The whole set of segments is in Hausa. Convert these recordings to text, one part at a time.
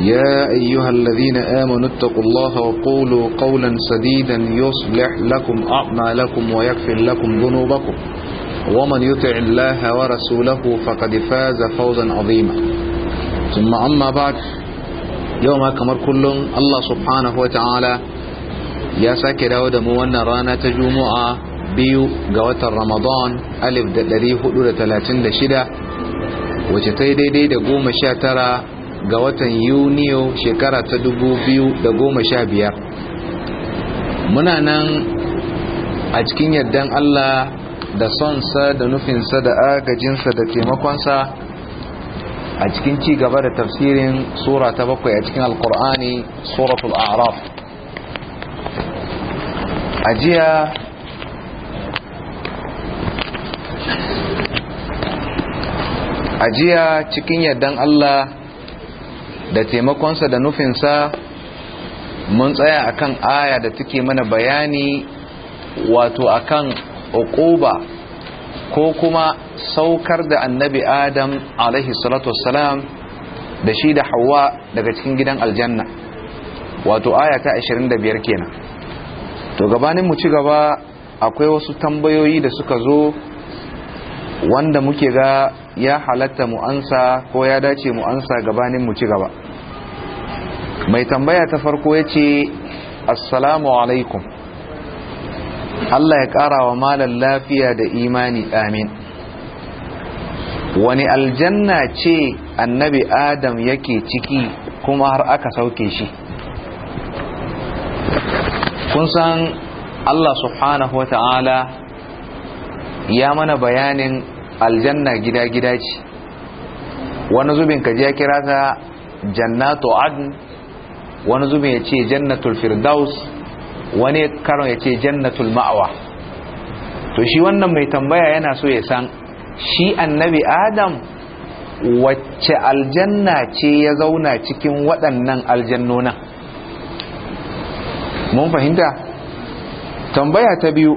يا أيها الذين آمنوا اتقوا الله وقولوا قولا سديدا يصلح لكم أعمالكم ويكفر لكم ذنوبكم ومن يطع الله ورسوله فقد فاز فوزا عظيما ثم أما بعد يوم أكمر كل الله سبحانه وتعالى يا ساكر داود موانا رانا تجمع آه بيو قوة رمضان ألف دلري هدو وتتيدي دي دقوم شاترا ga watan yuniyo shekara ta 2015 muna nan a cikin yardan Allah da sonsa da nufinsa da agajinsa da taimakonsa a cikin ci gaba da tafsirin sura ta bakwai a cikin alkur'ani suratul araf a jiya cikin yardan Allah da taimakonsa da nufinsa mun tsaya akan aya da take mana bayani wato akan Okoba ko kuma saukar da annabi adam alaihi salatu wassalam da shi da hawa daga cikin gidan aljanna wato aya ta 25 kenan to gabanin mu ci gaba akwai wasu tambayoyi da suka zo wanda muke ga ya halatta mu'ansa ko ya dace mu'ansa ansa gabanin mu ci gaba mai tambaya ta farko ya ce assalamu alaikum Allah ya ƙara wa malar lafiya da imani amin wani aljanna ce annabi adam yake ciki kuma har aka sauke shi kun san Allah subhanahu wa ta'ala ya mana bayanin aljanna gida-gida ce wani zubin kaji ya kira ta jannatu adn wani Zuma ya ce jannatul firdaus wani karon ya ce jannatul ma'awa to shi wannan mai tambaya yana so ya san shi annabi adam wacce aljanna ce ya zauna cikin waɗannan aljannonan mun fahimta tambaya ta biyu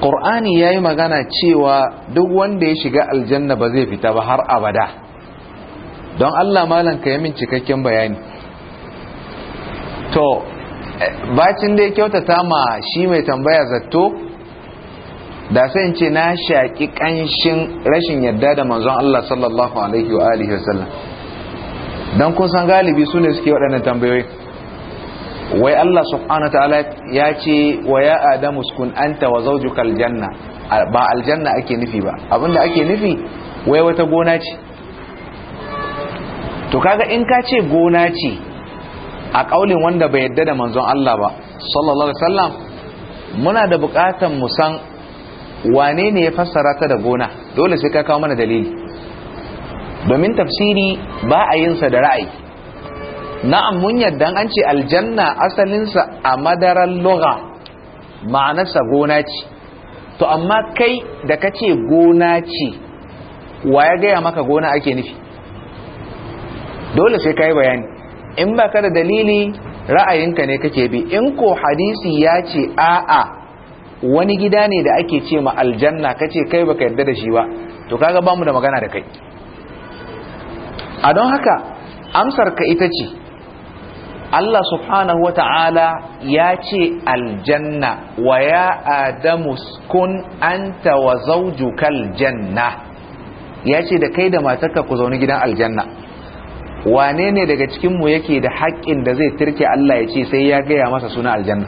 ƙur'ani ya yi magana cewa duk wanda ya shiga aljanna ba zai fita ba har abada don allah malanka ya min cikakken bayani to eh, bacin da ya kyautata ma shi mai tambaya zato da sai ce na shaƙi ƙanshin rashin yadda da manzon Allah sallallahu alaihi wa alihi wasallam dan kun san galibi su ne suke waɗannan tambayoyi wai Allah subhanahu ta'ala ya ce wa ya adamu kun anta wa zawjuka aljanna ba aljanna ake nufi ba abinda ake nufi wai wata gona ce to kaga in ka ce gona ce a ƙaulin wanda bai yadda da manzon Allah ba sallallahu alaihi wasallam muna da bukatan mu san wane ne ya fassara ta da gona dole sai ka kawo mana dalili domin tafsiri ba a yin sa da ra'ayi na'am mun yadda an ce aljanna asalinsa a madaran lugha ma'anarsa gona ce to amma kai da kace gona ce wa ya gaya maka gona ake nufi dole sai ka yi bayani in baka da dalili ra'ayinka ne kake bi in ko hadisi ya ce a'a wani gida ne da ake ce ma aljanna kace kai baka yarda da shi ba to kaga bamu da magana da kai a don haka amsar ka ita ce Allah subhanahu wa ya ce aljanna wa ya adamu kun anta wa zawjuka Aljanna? ya ce da kai da matarka ku zauni gidan aljanna wane ne daga cikinmu yake da haƙƙin da zai tirke Allah ya ce sai ya gaya masa suna aljanna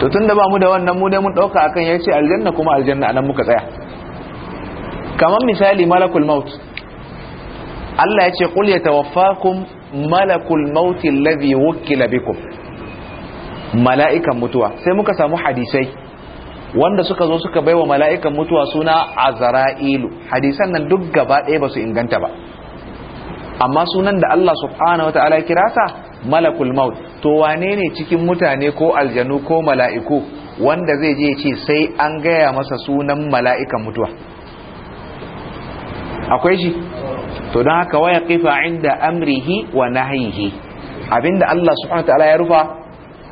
to tun da ba mu da wannan mu dai mun ɗauka akan ya ce aljanna kuma aljanna anan muka tsaya kamar misali malakul maut Allah ya ce qul yatawaffakum malakul maut alladhi wukkila bikum mala'ikan mutuwa sai muka samu hadisai wanda suka zo suka baiwa mala'ikan mutuwa suna azra'ilu hadisan nan duk gaba ɗaya ba su inganta ba amma sunan da Allah subhanahu wa ta'ala kira sa malakul maut to wane ne cikin mutane ko aljanu ko mala'iku wanda zai je ce sai an gaya masa sunan mala'ikan mutuwa akwai shi to don haka waya kifa inda amrihi wa nahyihi abinda Allah subhanahu ta'ala ya rufa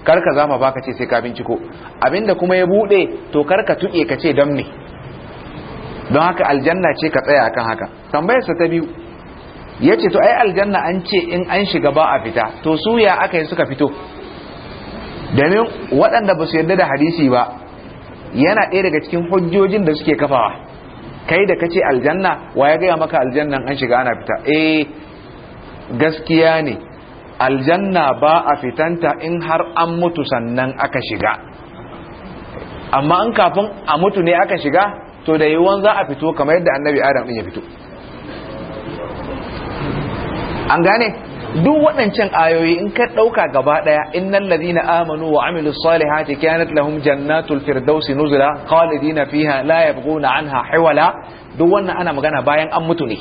karka zama ba ka ce sai ka binciko abinda kuma ya bude to karka tuke ka ce don me don haka aljanna ce ka tsaya akan haka tambayarsa ta biyu ya ce to ai aljanna an ce in an shiga ba a fita to su ya aka yi suka fito domin waɗanda ba su yarda da hadisi ba yana ɗaya daga cikin hujjojin da suke kafawa kai da kace aljanna wa ya gaya maka aljannan an shiga ana fita eh gaskiya ne aljanna ba a fitanta in har an mutu sannan aka shiga amma an kafin a mutu ne aka shiga to da yiwuwan za a fito kamar yadda annabi adam ɗin ya fito an gane duk waɗancan ayoyi in ka ɗauka gaba ɗaya Innan ladina amanu wa amilu salihati kanat lahum jannatul firdausi nuzula khalidina fiha la yabghuna anha hiwala duk wannan ana magana bayan an mutu ne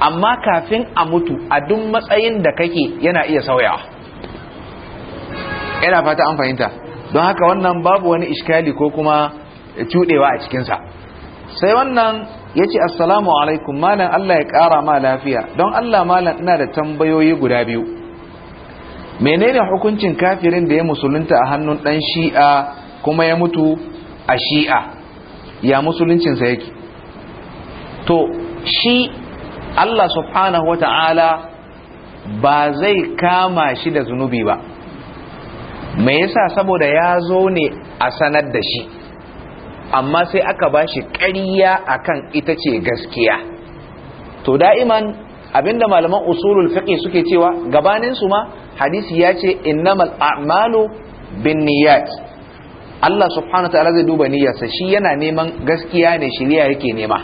amma kafin a mutu a duk matsayin da kake yana iya sauyawa yana fata an fahimta don haka wannan babu wani iskali ko kuma cuɗewa a cikinsa sai wannan ya ce assalamu alaikum malam Allah ya ƙara ma lafiya don Allah malam ina da tambayoyi guda biyu menene hukuncin kafirin da ya musulunta a hannun ɗan shi'a kuma ya mutu a shi'a ya musuluncinsa yake to shi Allah subhanahu wa ba zai kama shi da zunubi ba me yasa saboda ya zo ne a sanar da shi amma sai aka ba shi a kan ita ce gaskiya to da'iman abinda malaman usulul fiqh suke cewa gabaninsu ma hadisi ya ce innamal a'malu Niyat. Allah subhanahu ta'ala zai duba niyyarsa shi yana neman gaskiya ne shirya yake nema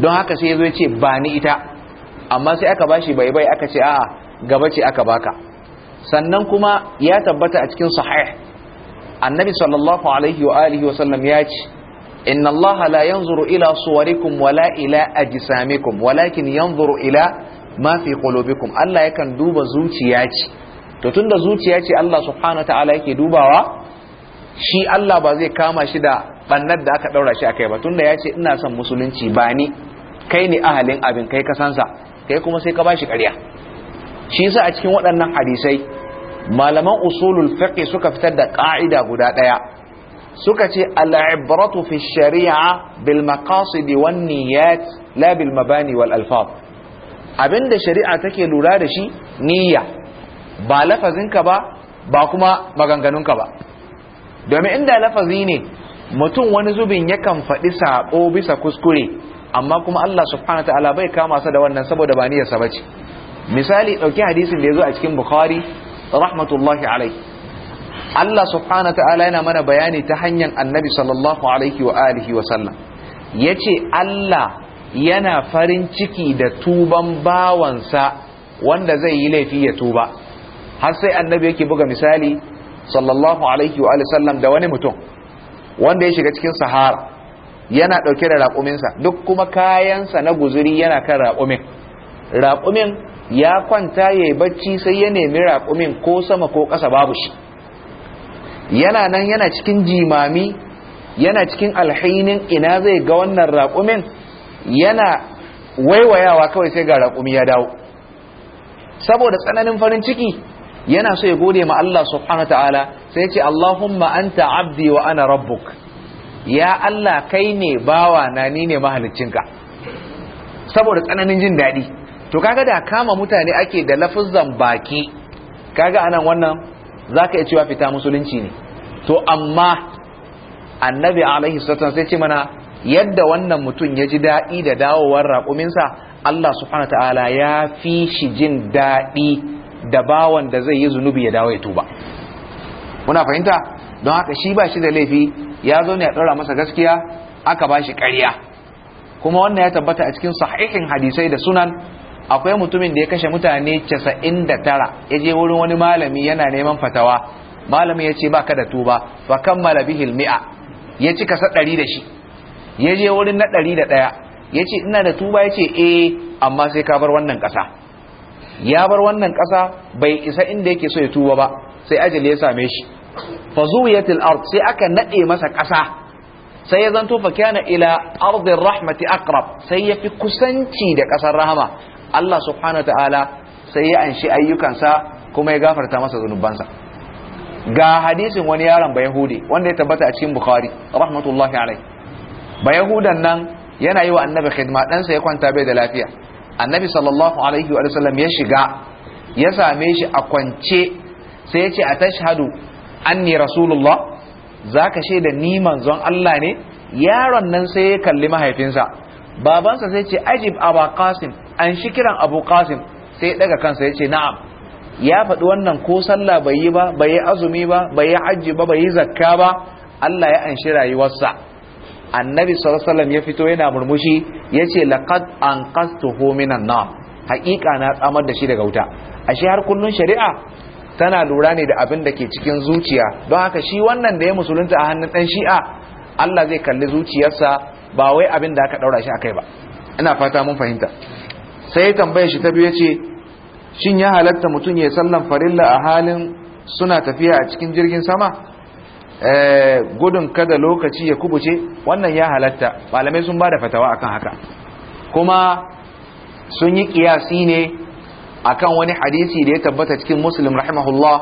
don haka sai yazo ya ce ba ni ita amma sai aka bashi bai bai aka ce a'a gaba ce aka baka sannan kuma ya tabbata a cikin sahih annabi sallallahu alaihi wa alihi wa sallam ya ce inna allaha la yanzuru ila suwarikum wala ila ajsamikum walakin yanzuru ila ma fi qulubikum Allah yakan duba zuciya ce to tunda zuciya ce Allah subhanahu ta'ala yake dubawa shi Allah ba zai kama shi da bannar da aka ɗaura shi akai ba tunda ya ce ina son musulunci ba ni kai ne ahalin abin kai ka kasansa kai kuma sai ka ba shi karya. shi yasa a cikin waɗannan hadisai malaman usulun fiqh suka fitar da ƙa'ida guda ɗaya suka ce al'ibratu fi shari'a bil maqasid wan niyyat la bil mabani wal alfaz abinda shari'a take lura da shi niyya ba lafazinka ba ba kuma maganganunka ba domin inda lafazi ne mutum wani zubin yakan faɗi saɓo bisa kuskure amma kuma Allah subhanahu wa ta'ala bai kama sa da wannan saboda ba niyyarsa bace misali ɗauki hadisin da ya zo a cikin bukhari rahmatullahi alaihi Allah subhanahu ta'ala yana mana bayani ta hanyar annabi sallallahu alaihi wa alihi wa sallam yace Allah yana farin ciki da tuban bawansa wanda zai yi laifi ya tuba har sai annabi yake buga misali sallallahu alaihi wa alihi sallam da wani mutum wanda ya shiga cikin sahara yana dauke da raƙuminsa duk kuma kayansa na guzuri yana kan raƙumin raƙumin ya kwanta yayi bacci sai ya nemi raƙumin ko sama ko ƙasa babu shi yana nan yana cikin jimami yana cikin alhainin ina zai ga wannan raƙumin yana waiwayawa kawai sai ga raƙumi ya dawo saboda tsananin farin ciki yana so ya gode ma Allah subhanahu ta'ala sai ya ce Allahumma anta abdi wa ana rabbuk ya Allah kai ne bawa na ni ne mahaliccinka saboda tsananin jin daɗi to kaga da kama mutane ake da lafuzan baki kaga anan wannan za ka iya cewa fita musulunci ne to amma annabi alaihi sassan sai ce mana yadda wannan mutum ya ji daɗi da dawowar raƙuminsa Allah subhanahu ta'ala ya fi shi jin daɗi da bawan da zai yi zunubi ya dawo ya tuba muna fahimta don haka shi ba shi da laifi ya zo ne a ɗora masa gaskiya aka ba shi ƙarya kuma wannan ya tabbata a cikin sahihin hadisai da sunan akwai mutumin da ya kashe mutane 99 ya je wurin wani malami yana neman fatawa malami ya ce baka da tuba fa kammala bihil mi'a ya ci kasa 100 da shi ya je wurin na 101 ya ce ina da tuba ya ce eh amma sai ka bar wannan kasa ya bar wannan kasa bai isa inda yake so ya tuba ba sai ajali ya same shi fa zuwiyatil ard sai aka nade masa kasa sai ya zanto fa kana ila ardin rahmati aqrab sai ya fi kusanci da kasar rahama Allah subhanahu ta'ala sai ya anshi ayyukansa kuma ya gafarta masa zunubansa ga hadisin wani yaron ba yahudi wanda ya tabbata a cikin bukhari rahmatullahi alai ba yahudan nan yana yi wa annabi khidma ɗansa ya kwanta bai da lafiya annabi sallallahu alaihi wa sallam ya shiga ya same shi a kwance sai ya ce a tashhadu anni rasulullah zaka shaida ni manzon Allah ne yaron nan sai ya kalli mahaifinsa babansa sai ce ajib aba qasim an shi kiran abu qasim sai ya daga kansa ya ce na'am ya faɗi wannan ko sallah bai yi ba bai yi azumi ba bai yi hajji ba bai yi zakka ba Allah ya anshi rayuwarsa annabi sallallahu ya fito yana murmushi ya ce laqad anqastuhu minan na haƙiƙa na tsamar da shi daga wuta ashe har kullum shari'a tana lura ne da abin da ke cikin zuciya don haka shi wannan da ya musulunta a hannun ɗan shi'a Allah zai kalli zuciyarsa ba wai abin da aka ɗaura shi akai ba ina fata mun fahimta sai tambayar shi ta biyu ce, shin ya halatta mutum ya sallan farilla a halin suna tafiya a cikin jirgin sama eh, gudun kada lokaci ya kubuce wannan ya halatta malamai sun ba fatawa akan haka kuma sun yi kiyasi ne akan wani hadisi da ya tabbata cikin muslim rahimahullah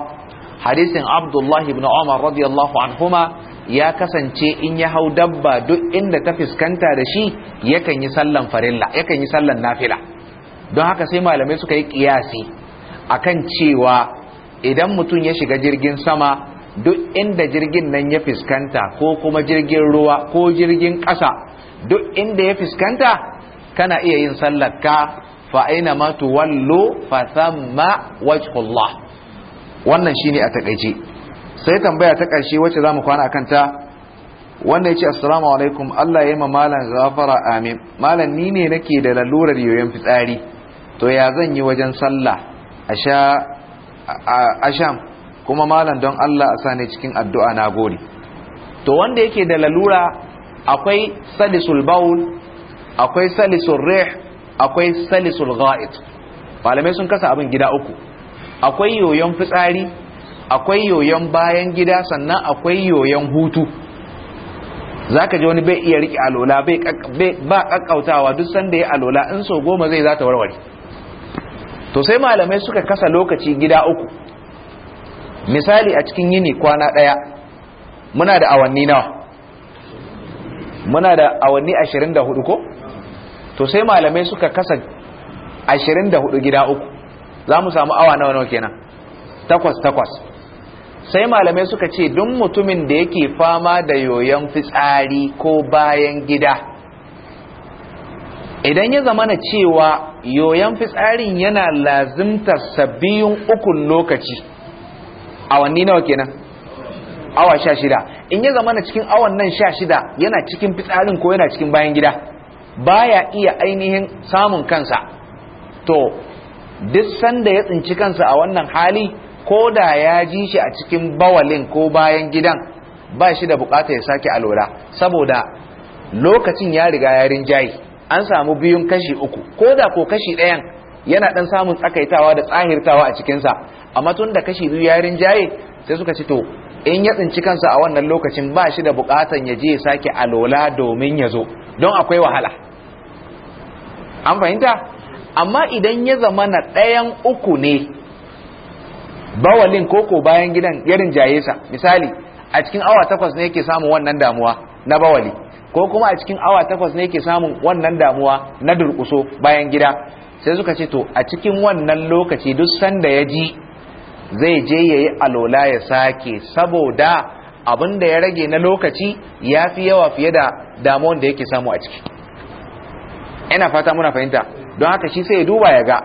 hadisin abdullahi ibn umar radiyallahu anhuma ya kasance in ya hau dabba duk inda ta fuskanta da shi yakan yi sallan farilla yakan yi sallan nafila don haka sai malamai suka yi kiyasi akan cewa idan mutum ya shiga jirgin sama duk inda jirgin nan ya fiskanta ko kuma jirgin ruwa ko jirgin ƙasa duk inda ya fuskanta kana iya yin sallarka fa aina ma tuwallu fa thamma wajhullah wannan shine a takaice sai tambaya ta ƙarshe wacce za mu kwana akan ta ya ce assalamu alaikum Allah ya yi ma malam gafara amin malam ni ne nake da lalurar yoyon fitsari to ya zan yi wajen sallah a sham kuma malam don Allah a sani cikin addu'a na gori to wanda yake da lalura akwai salisul baul akwai salisul rih akwai salisul ga’it malamai sun kasa abin gida uku akwai yoyon fitsari akwai yoyon bayan gida sannan akwai yoyon hutu za ka ji wani bai iya riƙe alola ba ƙaƙƙautawa duk sanda ya alola in so goma zai za ta warware to sai malamai suka kasa lokaci gida uku misali a cikin yini kwana ɗaya muna da awanni nawa muna da awanni 24 ko to sai malamai suka kasa 24 gida uku za mu samu awa nawa nawa kenan takwas takwas sai malamai suka ce don mutumin da yake fama da yoyon fitsari ko bayan gida idan ya zamana cewa yoyon fitsarin yana lazimta sabbiyun ukun lokaci awanni nawa kenan awa sha in ya zama na cikin awan nan sha yana cikin fitsarin ko yana cikin bayan gida baya iya ainihin samun kansa to duk sanda ya tsinci kansa a wannan hali ko da ya ji shi a cikin bawalin ko bayan gidan ba shi da bukata ya sake alola saboda lokacin ya riga ya rinjaye an samu biyun kashi uku ko da ko kashi ɗayan yana ɗan samun tsakaitawa da tsahirtawa a cikinsa amma tun da kashi biyu ya rinjaye sai suka ci to in ya tsinci kansa a wannan lokacin ba shi da buƙatan ya je ya sake alola domin ya zo don akwai wahala an fahimta amma idan ya zama na ɗayan uku ne bawalin koko bayan gidan ya rinjayesa. sa misali a cikin awa takwas ne yake samun wannan damuwa na bawali ko kuma a cikin awa takwas ne yake samun wannan damuwa na durkuso bayan gida sai suka ce to a cikin wannan lokaci duk sanda ya ji zai je ya yi alola ya sake saboda abin da ya rage na lokaci ya fi yawa fiye da damuwan da yake samu a ciki ina fata muna fahimta don haka shi sai ya duba ya ga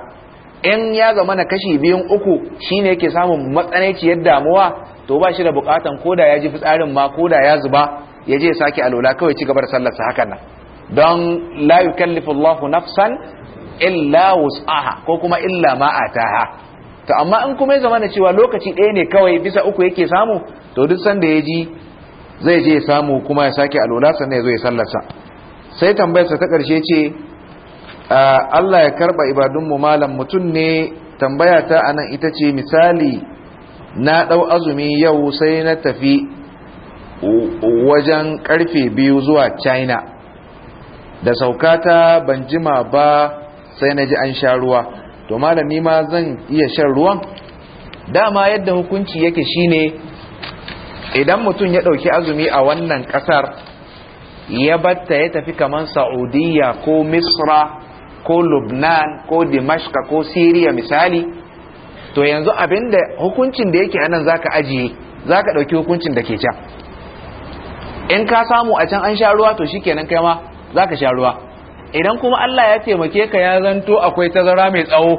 in ya zama na kashi biyun uku shi ne yake samun matsananciyar damuwa to ba shi da bukatan koda ya ji fitsarin ma koda ya zuba ya je sake alola kawai ci gabar sallarsa hakan nan don la yukallifu Allahu nafsan illa wus'aha ko kuma illa ma ataha to amma in kuma ya zamana cewa lokaci ɗaya ne kawai bisa uku yake samu to duk sanda ya ji zai je ya samu kuma ya sake alola sannan ya zo ya sallarsa sai tambayarsa ta ƙarshe ce Allah ya karba mu malam mutum ne tambayata ta anan ita ce misali na ɗau azumi yau sai na tafi wajen karfe biyu zuwa china da saukata ban jima ba sai na ji an sha ruwa to malami ma zan iya shan ruwan dama yadda hukunci yake shine idan mutum ya ɗauki azumi a wannan ƙasar ya batta ya tafi kamar saudiya ko misra ko lubnan ko dimashka ko siriya misali to yanzu abinda hukuncin da yake anan zaka ajiye zaka ɗauki hukuncin da ke can in ka samu a can an sha ruwa to shikenan kai ma zaka sha ruwa idan kuma Allah ya taimake ka ya zanto akwai tazara mai tsawo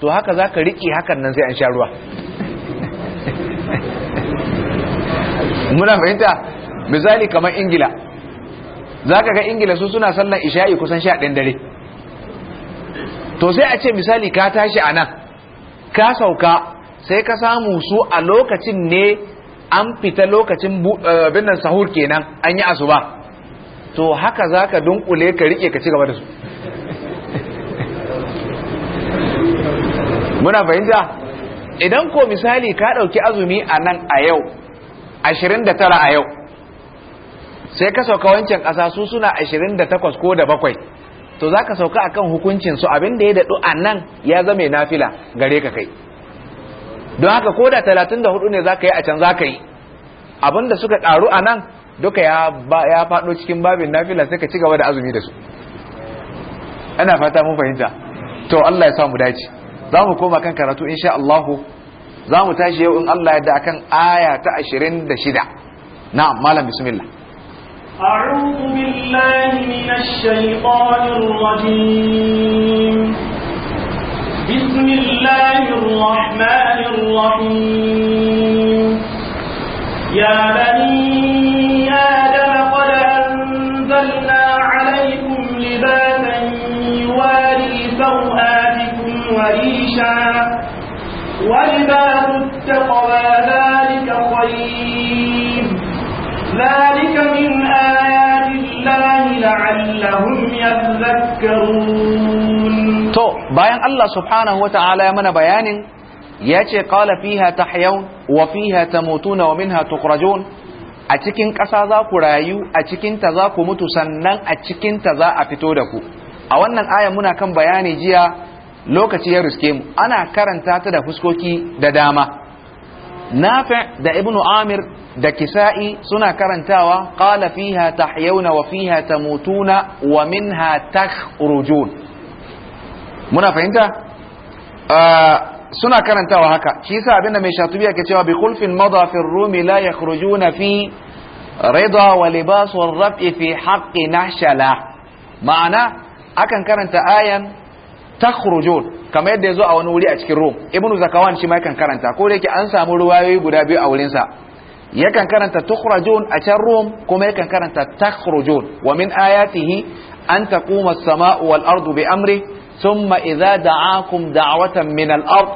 to haka zaka riƙe hakan nan sai an sha ruwa muna fahimta misali kamar ingila zaka ga ingila su suna sallan isha'i kusan sha ɗin dare to sai a ce misali ka tashi a nan ka sauka sai ka samu su a lokacin ne an fita lokacin eh, abin nan sahur kenan an yi asuba to haka za ka dunkule ka rike ka ci gaba da su muna fahimta idan ko misali ka ɗauki azumi a nan a yau 29 a yau sai ka sauka wancan ƙasa su suna 28 ko da bakwai to za ka sauka akan hukuncin su abin da ya daɗu a nan ya zame nafila gare ka kai don haka ko da talatin da hudu ne za ka yi a can za ka yi abin da suka ƙaru a nan duka ya faɗo cikin babin nafila sai ka ci gaba da azumi da su ana fata mun fahimta to Allah ya samu dace za mu koma kan karatu insha Allah za mu tashi yau in Allah ya da kan aya ta 26 na'am malam bismillah أعوذ بالله من الشيطان الرجيم بسم الله الرحمن الرحيم يا بني آدم قد أنزلنا عليكم لباسا يواري سوآتكم وريشا ولباس التقوى ذلك خير ذلك من آيات الله لعلهم يذكرون to bayan Allah subhanahu wata'ala ya mana bayanin ya ce qala fiha tahyaun wa fiha tamutuna wa minha tukhrajun a cikin ƙasa za ku rayu a cikin ta za ku mutu sannan a cikin ta za a fito da ku a wannan aya muna kan bayani jiya lokaci ya riske mu ana karanta ta da fuskoki da dama nafi da ibnu amir da kisa'i suna karantawa qala fiha tahyawna wa fiha tamutuna wa minha takhrujun muna fahimta suna karantawa haka shi yasa abinda mai shatubi yake cewa bi khulfin madha fi rumi la yakhrujuna fi rida wa libas wa raf'i fi haqqi nahshala ma'ana akan karanta ayan takhrujun kamar yadda yazo a wani wuri a cikin rum ibnu zakawan shi ma yakan karanta ko da yake an samu ruwayoyi guda biyu a wurin sa yakan karanta tukhrajun a can rum kuma yakan karanta takhrujun wa min ayatihi an taquma as-sama'u wal ardu bi amri ثم إذا دعاكم دعوة من الأرض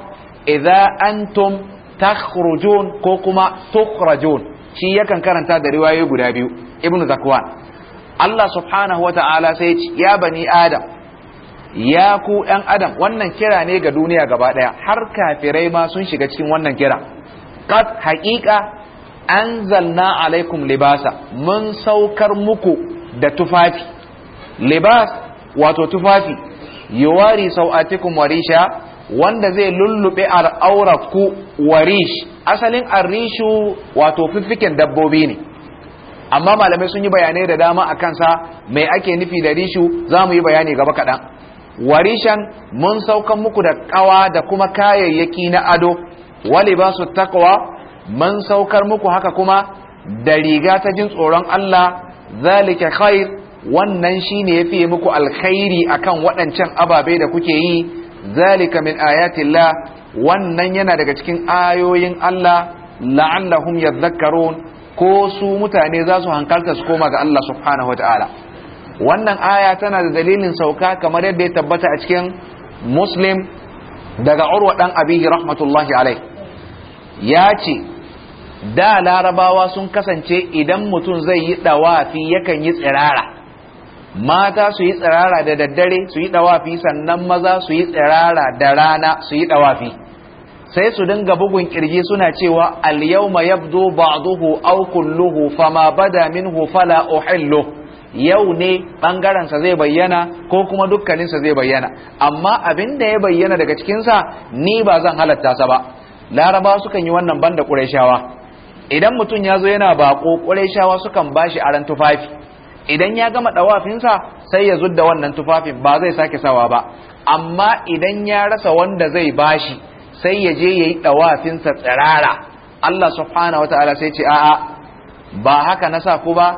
إذا أنتم تخرجون كوكما تخرجون shi yakan karanta da riwayoyi guda biyu ibn zakwan Allah subhanahu wa ta'ala sai ya bani adam ya ku adam wannan kira ne ga duniya gaba ɗaya har kafirai ma sun shiga cikin wannan kira haƙiƙa haqiqa anzalna alaikum libasa mun saukar muku da tufafi libas wato tufafi yuwari sau'atikum warisha wanda zai lullube al'auraku warish asalin arishu wato fiffiken dabbobi ne amma malamai sun yi bayanai da dama a kansa mai ake nufi da rishu za mu yi bayani gaba kaɗan warishan mun saukan muku da ƙawa da kuma kayayyaki na ado wali ba su takwa mun saukar muku haka kuma da riga ta jin tsoron Allah zalika khair wannan shine ya fiye muku alkhairi a kan waɗancan ababe da kuke yi zalika min ayatillah wannan yana daga cikin ayoyin Allah la'allahum yadhakkarun ko su mutane za su hankalta su koma ga Allah subhanahu Ta'ala. wannan aya tana da dalilin sauka kamar yadda ya tabbata a cikin muslim daga urwa dan abihi rahmatullahi alai ya ce da larabawa sun kasance idan mutum zai yi dawafi yakan yi tsirara mata su yi tsirara da daddare su yi dawafi sannan maza su yi tsirara da rana su yi dawafi sai su dinga bugun kirji suna cewa al-yawma yabdu ba'duhu aw kulluhu fama bada minhu fala uhillu yau ne bangaren sa zai bayyana ko kuma dukkanin sa zai bayyana amma abin da ya bayyana daga cikin sa ni ba zan halatta sa ba laraba sukan yi wannan banda qurayshawa idan mutum ya zo yana bako qurayshawa sukan bashi aran tufafi idan ya gama dawafinsa sai ya zudda wannan tufafin ba zai sake sawa ba amma idan ya rasa wanda zai bashi sai ya je yayi dawafinsa tsirara Allah subhanahu wataala sai ce a'a ba haka na sa ku ba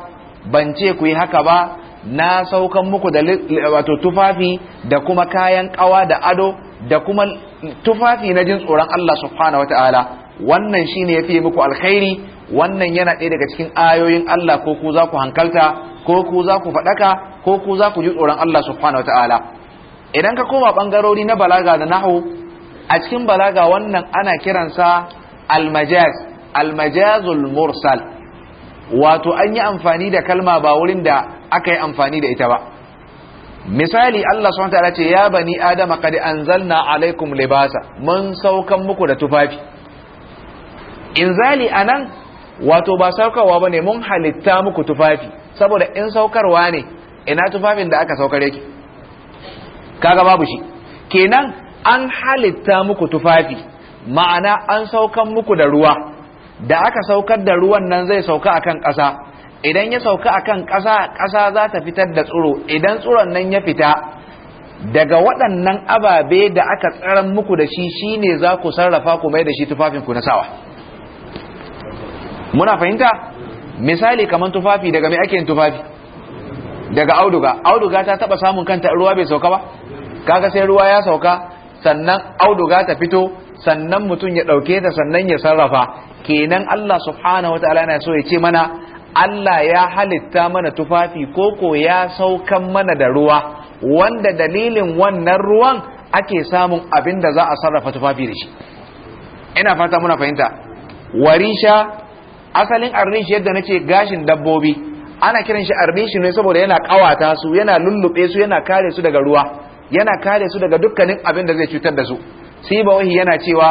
ban ce ku yi haka ba na saukan muku da wato tufafi da kuma kayan kawa da ado da kuma tufafi na jin tsoron Allah subhanahu wataala wannan shine ya yafi muku alkhairi wannan yana ɗaya daga cikin ayoyin Allah ko ku za ku hankalta ko ku za ku faɗaka ko ku za ku ji tsoron Allah subhanahu wataala idan ka koma ɓangarori na balaga da nahu a cikin balaga wannan ana kiransa almajaz almajazul mursal wato an yi amfani da kalma ba wurin da aka yi amfani da ita ba misali Allah subhanahu wataala ce ya bani adama qad anzalna alaikum libasa mun saukan muku da tufafi inzali anan wato ba saukarwa ba ne mun halitta muku tufafi saboda in saukarwa ne ina tufafin da aka saukar yake kaga babu shi kenan an halitta muku tufafi ma'ana an saukan muku da ruwa da aka saukar da ruwan nan zai sauka akan ƙasa idan ya sauka akan ƙasa ƙasa za ta fitar da tsiro idan tsiron nan ya fita daga waɗannan ababe da aka tsaran muku da shi shine za ku sarrafa ku mai da shi tufafin ku na sawa muna fahimta misali kamar tufafi daga mai ake tufafi daga auduga auduga ta taba samun kanta ruwa bai sauka ba kaga sai ruwa ya sauka sannan auduga ta fito sannan mutum ya dauke ta sannan ya sarrafa kenan Allah subhanahu wataala yana so ya ce mana Allah ya halitta mana tufafi koko ya saukan mana da ruwa wanda dalilin wannan ruwan ake samun abin da za a sarrafa tufafi da shi ina fata muna fahimta warisha asalin arnish yadda nace gashin dabbobi ana kiran shi arnish ne saboda yana kawata su yana lullube su yana kare su daga ruwa yana kare su daga dukkanin abin da zai cutar da su sibawahi yana cewa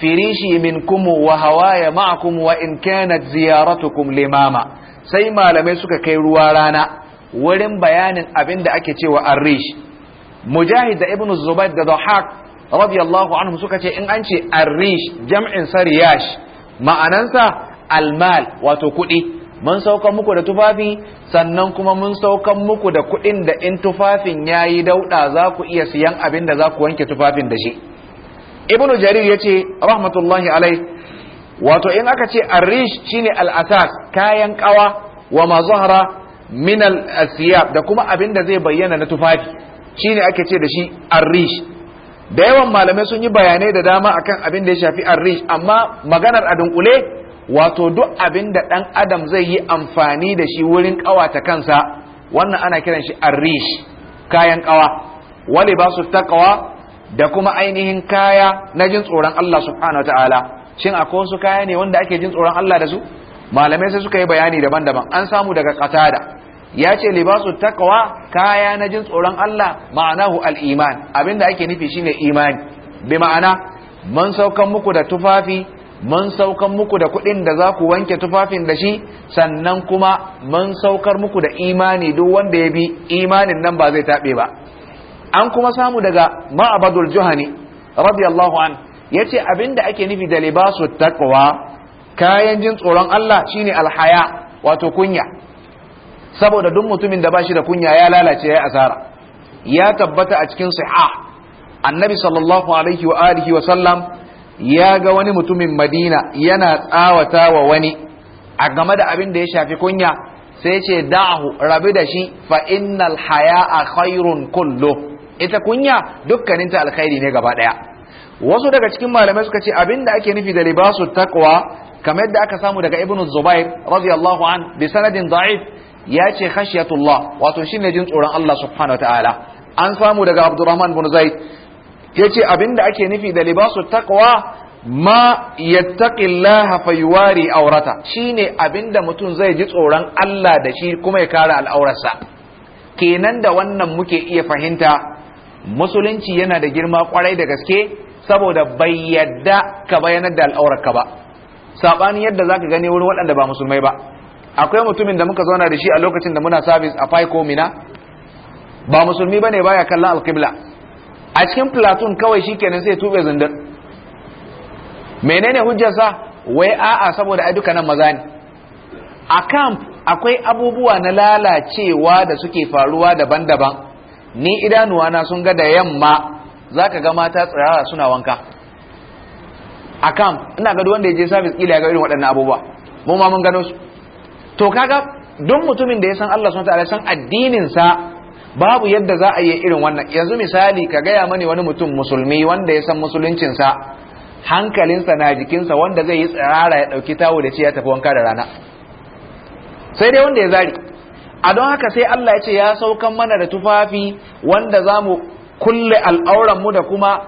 firishi min minkum wa hawaya ma'akum wa in kanat ziyaratukum limama sai malamai suka kai ruwa rana wurin bayanin abin da ake cewa arrish mujahid da ibnu zubair da dhahak radiyallahu anhu suka ce in an ce arrish jam'in sariyash ma'anansa almal wato kuɗi mun sauka muku da tufafi sannan kuma mun saukan muku da kuɗin da in tufafin ya yi dauɗa za ku iya siyan abin da za ku wanke tufafin da shi ibnu jarir ya ce rahmatullahi alai wato in aka ce arrish shine al'asas kayan ƙawa wa ma zahara min al da kuma abin da zai bayyana na tufafi shine ake ce da shi Arish. da yawan malamai sun yi bayanai da dama akan abin da ya shafi Arish amma maganar a dunkule wato duk abin da ɗan adam zai yi amfani da shi wurin ƙawa ta kansa wannan ana kiran shi arish kayan ƙawa wale ba su taƙawa da kuma ainihin kaya na jin tsoron Allah subhanahu ta'ala shin akwai wasu kaya ne wanda ake jin tsoron Allah da su malamai sai suka yi bayani daban-daban an samu daga qatada ya ce libasu taqwa kaya na jin tsoron Allah ma'anahu al-iman abinda ake nufi shine imani bi ma'ana mun saukan muku da tufafi mun saukar muku da kuɗin da za ku wanke tufafin da shi sannan kuma mun saukar muku da imani duk wanda ya bi imanin nan ba zai taɓe ba an kuma samu daga ma'abadul juhani radiyallahu an ya yace abinda ake nufi da libasu taqwa kayan jin tsoron Allah shine alhaya wato kunya saboda duk mutumin da ba shi da kunya ya lalace ya asara ya tabbata a cikin sahih annabi sallallahu alaihi wa alihi wa sallam ya ga wani mutumin madina yana tsawata wa wani a game da abin da ya shafi kunya sai ce da'ahu rabi da shi fa haya a khairun kullu ita kunya dukkaninta alkhairi ne gaba daya wasu daga cikin malamai suka ce abin da ake nufi da libasu taqwa kamar yadda aka samu daga ibnu zubair radiyallahu an bi sanadin da'if ya ce khashiyatullah wato shine jin tsoron Allah subhanahu ta'ala an samu daga abdurrahman bin zaid Ya yace abinda ake nufi da libasu takwa ma yattaqillaha fayuwari aurata shine abinda mutum zai ji tsoron Allah da shi kuma ya kare al'aurarsa kenan da wannan muke iya fahimta musulunci yana da girma kwarai da gaske saboda bai yadda ka bayanar da al'aurar ka ba sabani yadda zaka gani wurin waɗanda ba musulmai ba akwai mutumin da muka zauna da shi a lokacin da muna sabis a faiko mina ba musulmi bane baya kallon alqibla a cikin platon kawai shikenan sai tube zindir. menene hujjarsa wai a'a saboda ai duka nan maza ne a camp akwai abubuwa na lalacewa da suke faruwa daban-daban ni idanuwa na sun ga da yamma zaka ga mata tsirara suna wanka a camp ina ga wanda ya je service kila ya ga irin waɗannan abubuwa mu ma mun gano su to kaga don mutumin da ya san Allah subhanahu wa ta'ala san addinin sa babu yadda za a yi irin wannan yanzu misali ka gaya mani wani mutum musulmi wanda ya san musuluncinsa hankalinsa na jikinsa wanda zai yi tsirara ya ɗauki tawo da ce ya tafi wanka da rana sai dai wanda ya zari a don haka sai Allah ya ce ya saukan mana da tufafi wanda za mu kulle al'auran mu da kuma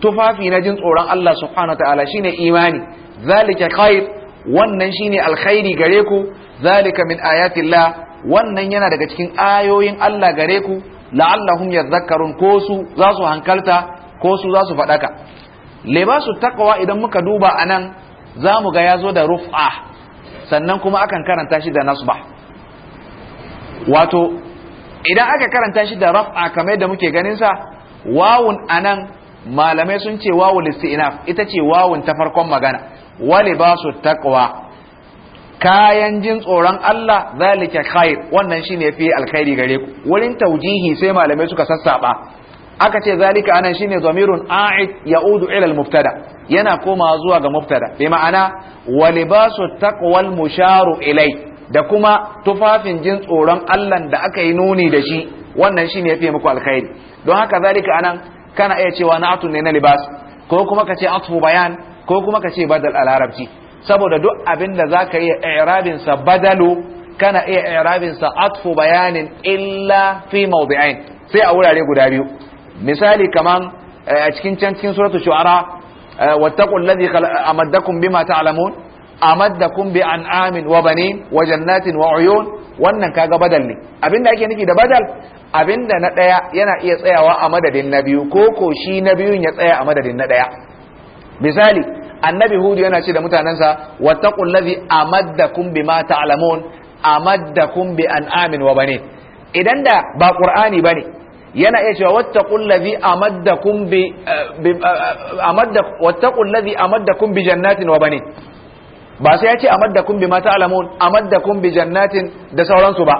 tufafi na jin tsoron Allah subhanahu wa ta'ala shine imani zalika khair wannan shine alkhairi gare ku zalika min ayatillah wannan yana daga cikin ayoyin Allah gare ku la'allahum yadhakkarun ko su za su hankalta ko su za su faɗaka libasu taqwa idan muka duba anan za mu ga yazo da ruf'a sannan kuma akan karanta shi da nasba wato idan aka karanta shi da raf'a kamar yadda muke ganin sa wawun anan malamai sun ce wawul isti'naf ita ce wawun ta farkon magana wa libasu taqwa kayan jin tsoron Allah zalika khair wannan shine fi alkhairi gare ku wurin taujihi sai malamai suka sassaba aka ce zalika anan shine zamirun a'id ya'udu ila al yana komawa zuwa ga mubtada bi ma'ana walibasu taqwal musharu ilai da kuma tufafin jin tsoron Allah da aka yi nuni da shi wannan shine fi muku alkhairi don haka zalika anan kana iya cewa na'atun ne na libas ko kuma kace atfu bayan ko kuma kace badal al-arabci saboda duk abin da za ka iya i'rabinsa badalu kana iya i'rabinsa atfu bayanin illa fi mawdi'ain sai a wurare guda biyu misali kaman eh, a cikin can cikin suratul shu'ara eh, wattaqul ladhi amaddakum bima ta'lamun amaddakum bi an'amin wa banin wa jannatin wa uyun wannan kaga badal ne abinda ake nufi da badal abinda na daya yana iya tsayawa a madadin na biyu ko ko shi na biyun ya tsaya a madadin na daya misali annabi hudu yana ce da mutanensa wattaqul ladhi amaddakum bima ta'lamun amaddakum bi an'amin wa bane idan da ba qur'ani bane yana iya cewa wattaqul ladhi amaddakum bi eh, eh, amaddak wattaqul ladhi bi jannatin wa bane ba sai ya ce amaddakum bima ta'lamun amaddakum bi jannatin da sauransu ba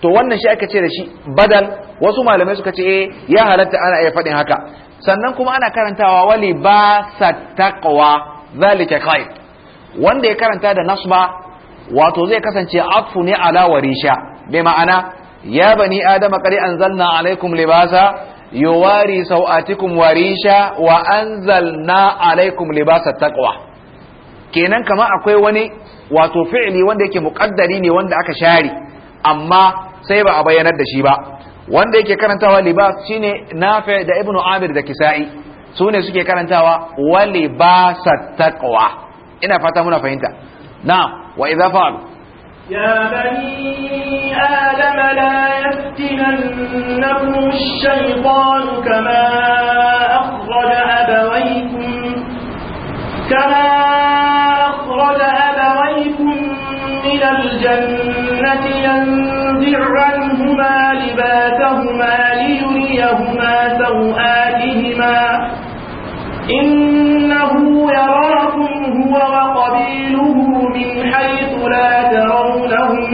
to wannan shi aka ce da shi badal wasu malamai suka ce eh ya halatta ana iya faɗin haka sannan kuma ana karantawa wali ba sa taqwa zalika khair wanda ya karanta da nasba wato zai kasance afu ne ala warisha bi ma'ana ya bani adama qad anzalna alaikum libasa yuwari sau'atikum warisha wa anzalna alaikum libasa taqwa kenan kama akwai wani wato fi'li wanda yake muqaddari ne wanda aka share amma sai ba a bayyanar da shi ba wanda yake karantawa libas shine nafi da ibnu amir da kisa'i su ne suke karantawa wali ba sa taqwa ina fata muna fahimta na'am wa idza fa'alu ya bani adam la yaftinannakum ash-shaytan kama akhraja abawaykum kama akhraja abawaykum min الجنة ينزع عنهما لباسهما ليريهما سوآتهما إنه يراكم هو وقبيله من حيث لا ترونهم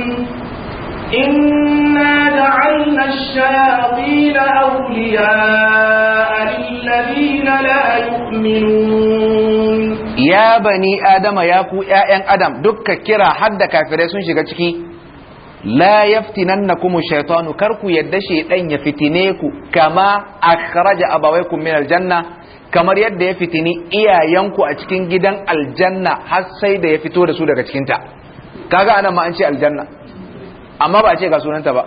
إنا جعلنا الشياطين أولياء للذين لا يؤمنون يا بني آدم يا كو يا أن آدم دك كرا حد كافر سنشي كتشكي la yaftinannakum shaytanu kar ku yadda shaydan ya fitine ku kama akhraja abawaykum min aljanna kamar yadda ya fitini iyayenku a cikin gidan aljanna har sai da ya fito da su daga cikin ta kaga anan ma an ce aljanna amma ba a ce ga sunanta ba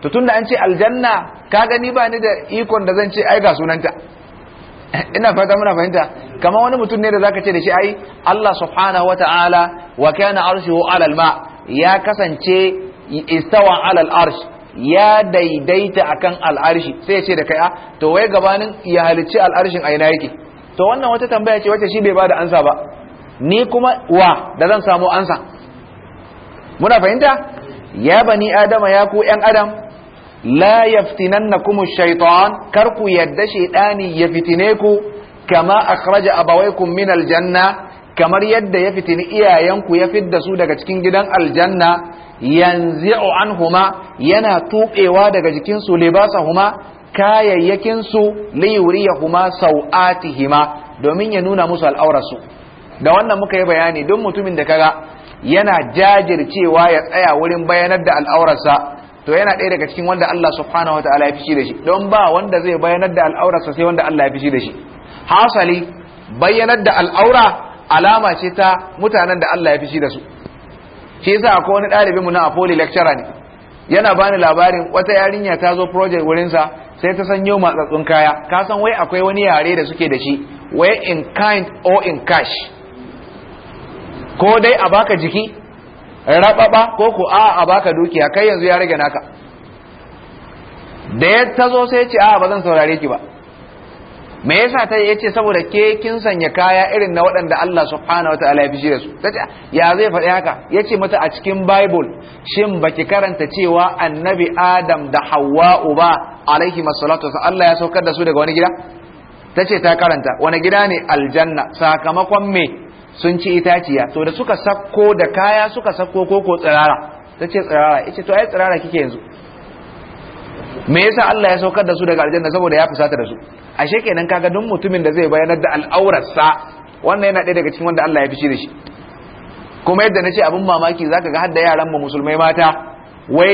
to tunda an ce aljanna kaga ni ba ni da ikon da zan ce ai ga sunanta ina fata muna fahimta kamar wani mutum ne da zaka ce da shi ai Allah subhanahu wataala wa kana arshuhu ala alma ya kasance istawa alal arsh ya daidaita akan al'arshi sai ya ce da kai ah, to wai gabanin ya halicci al'arshin aina yake to wannan wata tambaya ce wacce shi bai bada ansa ba ni kuma wa da zan samu ansa muna fahimta ya bani adama ya ku yan adam la yaftinannakum ash-shaytan kar ku yadda shaytani ya fitine ku kama akhraja abawaykum min aljanna kamar yadda ya fitini iyayenku ya fidda su daga cikin gidan aljanna yanzi'u huma yana tubewa daga jikin su libasahuma kayayyakin huma li yuriyahuma sau'atihima domin ya nuna musu al'aurarsu da wannan muka yi bayani don mutumin da kaga yana jajircewa ya tsaya wurin bayanar da al'aurarsa to yana ɗaya daga cikin wanda Allah subhanahu wa ta'ala ya fishi da shi don ba wanda zai bayanar da al'aurarsa sai wanda Allah ya fishi da shi hasali bayanar da al'aura alama ce ta mutanen da Allah ya fishi da su shi yasa akwai wani ɗalibin mu na Apoli lecturer ne yana bani labarin wata yarinya ta zo project wurin sa sai ta sanyo matsatsun kaya ka san wai akwai wani yare da suke da shi wai in kind or in cash ko dai a baka jiki rababa ko ko a a baka dukiya kai yanzu ya rage naka da ya ta zo sai ce a ba zan saurare ki ba me yasa ta yace saboda ke kin sanya kaya irin na waɗanda Allah subhanahu wataala ya fishi da su tace ya zai faɗi haka yace mata a cikin bible shin baki karanta cewa annabi adam da hawwa'u ba alaihi masallatu Allah ya saukar da su daga wani gida tace ta karanta wani gida ne aljanna sakamakon me sun ci itaciya to da suka sakko da kaya suka sakko koko tsirara tace tsirara yace to ai tsirara kike yanzu me yasa Allah ya saukar da su daga aljanna saboda ya fusata da su ashe kenan kaga duk mutumin da zai bayanar da al'aurarsa wannan yana ɗaya daga cikin wanda Allah ya shi da shi kuma yadda na ce abin mamaki zaka ga har da yaran mu musulmai mata wai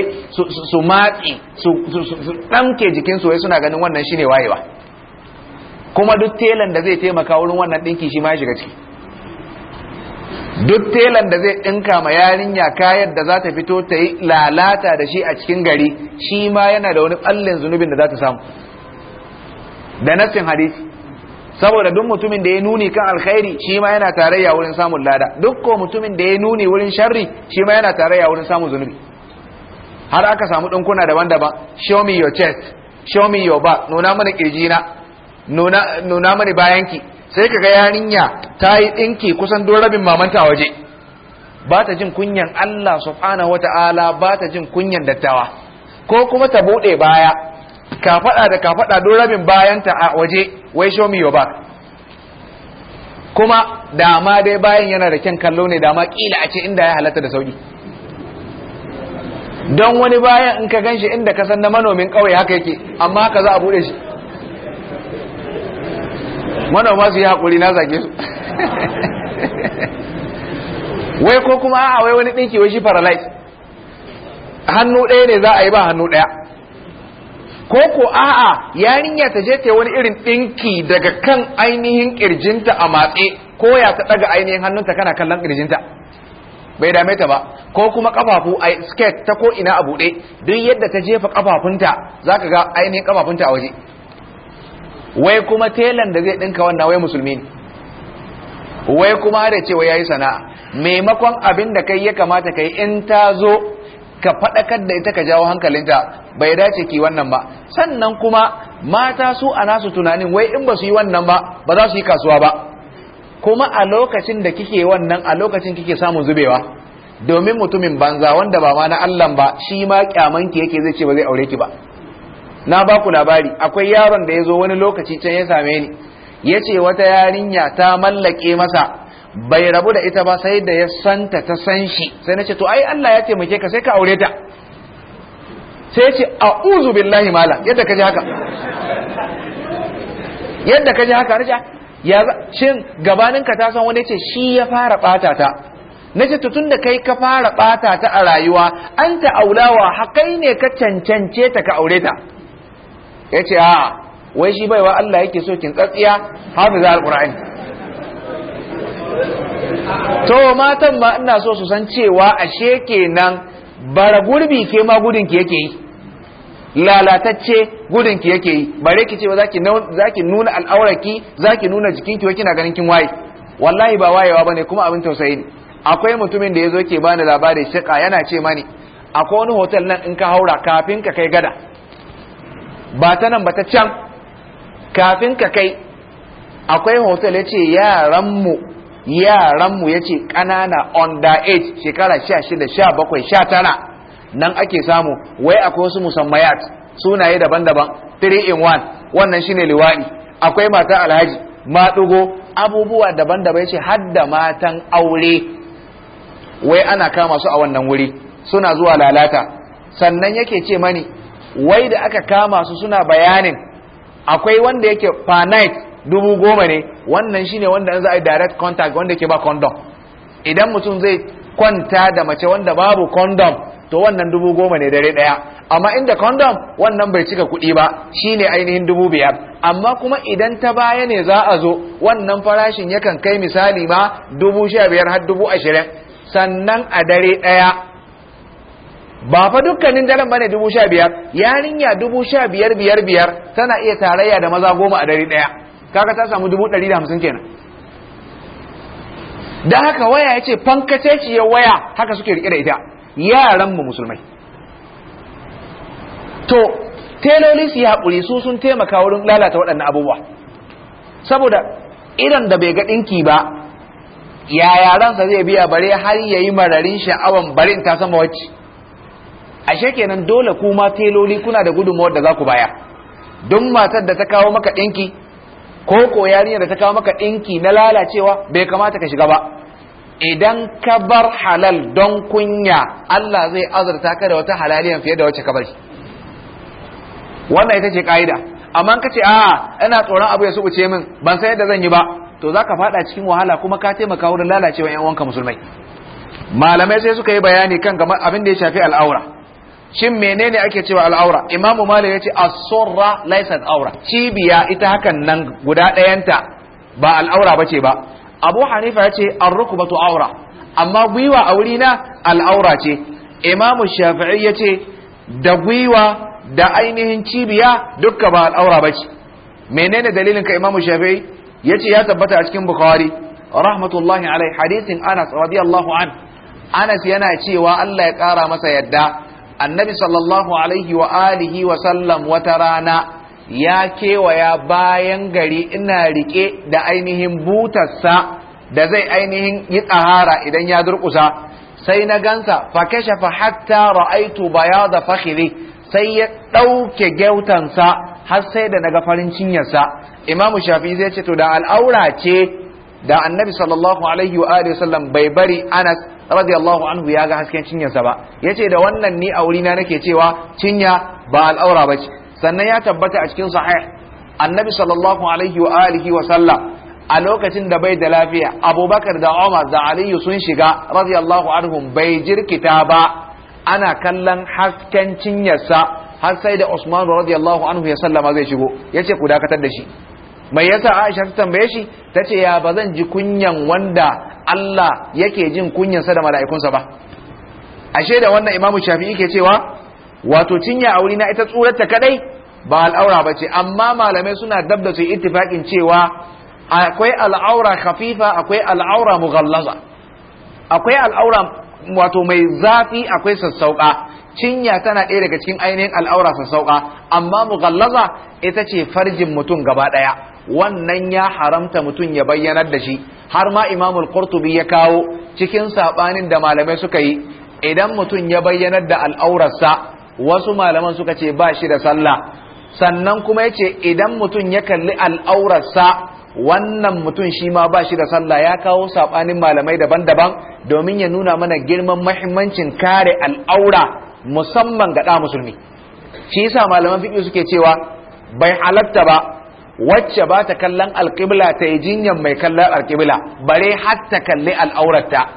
su matsi su ɗamke jikinsu wai suna ganin wannan shine wayewa kuma duk telan da zai taimaka wurin wannan ɗinki shi ma ya shiga ciki duk telan da zai ɗinka ma yarinya kayan da za ta fito ta yi lalata da shi a cikin gari shi ma yana da wani ɓallin zunubin da za ta samu da nassin hadisi saboda duk mutumin da ya nuni kan alkhairi shi ma yana tarayya wurin samun lada duk ko mutumin da ya nuni wurin sharri shi ma yana tarayya wurin samun zunubi har aka samu dinkuna daban-daban show me your chest show me your back nuna mana na nuna nuna mana bayanki sai kaga yarinya ta yi dinki kusan don rabin mamanta waje ba ta jin kunyan Allah subhanahu wata'ala ba ta jin kunyan dattawa ko kuma ta bude baya kafada da kafada don rabin bayanta a waje wai show me your back kuma dama dai bayan yana da kyan kallo ne dama kila a ce inda ya halatta da sauki don wani bayan in ka ganshi inda ka san na manomin kawai haka yake amma haka za a bude shi manoma su yi hakuri na zage su wai ko kuma a wai wani ɗinki wai shi paralyze hannu ɗaya ne za a yi ba hannu ɗaya ko ko a'a yarinya ta je ta wani irin ɗinki daga kan ainihin ƙirjinta a matse ko ya ta daga ainihin hannunta kana kallon ƙirjinta bai dame ta ba ko kuma kafafu a skate ta ko ina a buɗe duk yadda ta jefa kafafunta zaka ga ainihin kafafunta a waje wai kuma telan da zai ɗinka wannan wai musulmi ne wai kuma da cewa yayi sana'a maimakon abin da kai ya kamata kai in ta zo ka faɗakar da ita ka jawo hankalinta bai dace ki wannan ba sannan kuma mata su a nasu tunanin wai in ba su yi wannan ba ba za su yi kasuwa ba kuma a lokacin da kike wannan a lokacin kike samun zubewa domin mutumin banza wanda ba ma na Allah ba shi ma kyamanki yake zai ce ba zai aure ki ba na ba ku labari akwai yaron da ya zo wani lokaci can ya same ni ya ce wata yarinya ta mallake masa bai rabu da ita ba sai da ya santa ta san shi sai na ce to ai Allah ya taimake ka sai ka aure ta sai ya ce a'udhu billahi malam yadda ka ji haka yadda ka ji haka na ya shin gabanin ka ta san wani ce shi ya fara bata ta na ce to tunda kai ka fara bata ta a rayuwa an ta aulawa hakai ne ka cancance ta ka aure ta ya ce a wai shi baiwa Allah yake so kin tsatsiya hafiza alqur'ani to matan ma ina so su san cewa ashe kenan bara gurbi ke ma gudun ki yake yi lalatacce gudun ki yake yi bare ki ce zaki zaki nuna al'auraki zaki nuna jikinki wai kina ganin kin waye wallahi ba wayewa bane kuma abin tausayi ne akwai mutumin da yazo ke bani labari shaka yana ce mani akwai wani hotel nan in ka haura kafin ka kai gada ba ta nan ba ta can kafin ka kai akwai hotel yace yaran mu yaranmu ya ce ƙanana under age shekara sha shida sha bakwai sha tara nan ake samu wai akwai wasu musammayat sunaye daban-daban 3 in 1 wannan shine liwa'i akwai mata alhaji maɗugo abubuwa daban-daban ya ce hadda matan aure wai ana kama su a wannan wuri suna zuwa lalata sannan yake ce mani wai da aka kama su suna bayanin akwai wanda yake fanite dubu goma ne wannan shine wanda za a yi direct contact wanda ke ba condom idan mutum zai kwanta da mace wanda babu condom to wannan dubu goma ne dare daya amma inda condom wannan bai cika kuɗi ba shine ainihin dubu biyar amma kuma idan ta baya ne za a zo wannan farashin yakan kai misali ma dubu sha biyar har dubu ashirin sannan a dare daya ba fa dukkanin daren bane dubu sha biyar yarinya dubu sha biyar biyar biyar tana iya tarayya da maza goma a dare daya kaga ta samu dubu ɗari da hamsin kenan da haka waya ya ce fankaceciyar waya haka suke rike da ita yaran mu musulmai to teloli su yi haƙuri su sun taimaka wurin lalata waɗannan abubuwa saboda idan da bai ga ɗinki ba ya yaransa zai biya bare har ya yi mararin sha'awan barin ta sama wacce ashe kenan dole kuma teloli kuna da gudunmawar da za ku baya don matar da ta kawo maka ɗinki ko ko yarinyar da ta kawo maka ɗinki na lalacewa bai kamata ka shiga ba idan ka bar halal don kunya Allah zai azurta ka da wata halaliyan fiye da wacce ka bari wannan ita ce ka'ida amma ka ce a ina tsoron abu ya su buce min ban san yadda zan yi ba to zaka faɗa cikin wahala kuma ka taimaka wurin lalacewa yan uwanka musulmai malamai sai suka yi bayani kan abin da ya shafi al'aura shin menene ake cewa al'aura imamu malik ya ce as-surra aura cibiya ita hakan nan guda ɗayanta ba al'aura bace ba abu hanifa ya ce an rukbatu aura amma gwiwa a wuri na al'aura ce imamu shafi'i ya ce da gwiwa da ainihin cibiya dukka ba al'aura bace menene dalilin ka imamu shafi'i ya ce ya tabbata a cikin bukhari rahmatullahi alai hadisin anas radiyallahu an anas yana cewa Allah ya kara masa yadda annabi sallallahu alaihi wa alihi wa sallam wata rana ya kewaya bayan gari ina rike da ainihin butarsa da zai ainihin yi tsahara idan ya durkusa sai na gansa fa kashafa hatta ra'aitu bayada fakhiri sai ya dauke sa har sai da naga farin cinyarsa Imam shafi zai ce to da al'aura ce da annabi sallallahu alaihi wa alihi wa sallam bai bari anas radiyallahu anhu ya ga hasken cinyarsa ba Ya ce da wannan ni a na nake cewa cinya ba al'aura ce. sannan ya tabbata a cikin sahih annabi sallallahu alaihi wa alihi wa sallam a lokacin da bai da lafiya abubakar da umar da aliyu sun shiga radiyallahu anhum bai jirkita ba ana kallon hasken cinyarsa har sai da usman radiyallahu anhu ya sallama zai shigo Ya ce ku dakatar da shi mai yasa Aisha ta tambaye shi ta ce ya ba zan ji kunyan wanda Allah yake jin kunyan sa da mala'ikunsa ba ashe da wannan Imam Shafi'i ke cewa wato cinya a wuri na ita tsurarta kadai ba al'aura bace amma malamai suna dabda su ittifaqin cewa akwai al'aura khafifa akwai al'aura mughallaza akwai al'aura wato mai zafi akwai sassauka cinya tana ɗaya daga cikin ainihin al'aura sassauka amma mughallaza ita ce farjin mutum gaba ɗaya wannan ya haramta mutum ya bayyanar da shi har ma imamul qurtubi ya kawo cikin sabanin da malamai suka yi idan mutum ya bayyanar da al'aurarsa wasu malaman suka ce ba shi da sallah sannan kuma ya ce idan mutum ya kalli al'aurarsa wannan mutum shi ma ba shi da sallah ya kawo sabanin malamai daban-daban domin ya nuna mana girman mahimmancin kare al'aura musamman ga ɗa musulmi shi yasa malaman fiqh suke cewa bai halatta ba wacce ba ta kallon alƙibla ta yi jinyan mai kallon alƙibla bare har ta kalli al'aurarta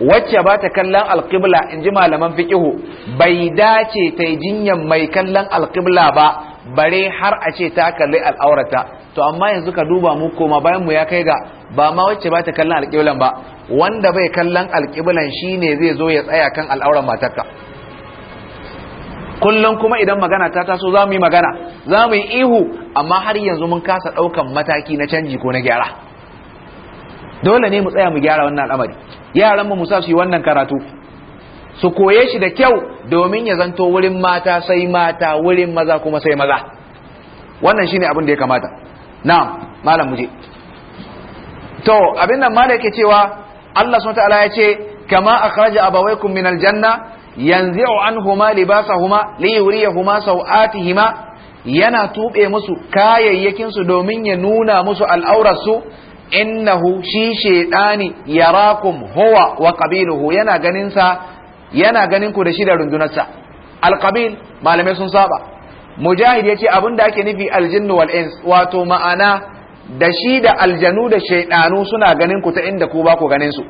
wacce ba ta kallon alƙibla in ji malaman fiƙihu bai dace ta yi jinyan mai kallon alƙibla ba bare har a ce ta kalli al'aurata, to amma yanzu ka duba mu koma bayan mu ya kai ga ba ma wacce ba ta kallon alƙiblan ba wanda bai kallon alƙiblan shi ne zai zo ya tsaya kan al'aurar matarka kullum kuma idan magana ta taso za mu yi magana za mu yi ihu amma har yanzu mun kasa ɗaukan mataki na canji ko na gyara dole ne mu tsaya mu gyara wannan al'amari yaran mu musa su yi wannan karatu su koye shi da kyau domin ya zanto wurin mata sai mata wurin maza kuma sai maza wannan shine abin da ya kamata na'am malam muje to abin nan malaka cewa Allah subhanahu wa ya ce kama akhraja abawaykum min aljanna Yanzu yanzi'u anhuma libasahuma li sau'ati sawatihima yana tube musu kayayyakin su domin ya nuna musu al'aurarsu innahu shi shedani yarakum huwa wa qabiluhu yana ganin yana ganin ku da shi da rundunarsa alqabil malamai sun saba mujahid yace abin da ake nufi aljinnu wal ins wato ma'ana da shi da aljanu da shaidanu suna ganin ku ta inda ku ba ku ganin su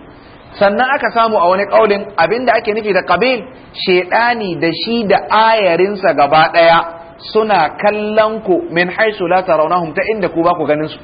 sannan aka samu a wani ƙaunin abinda ake nufi da qabil Shaidani da shi da ayarinsa gaba ɗaya suna kallon ku min haisu la tarawnahum ta inda ku ba ku ganin su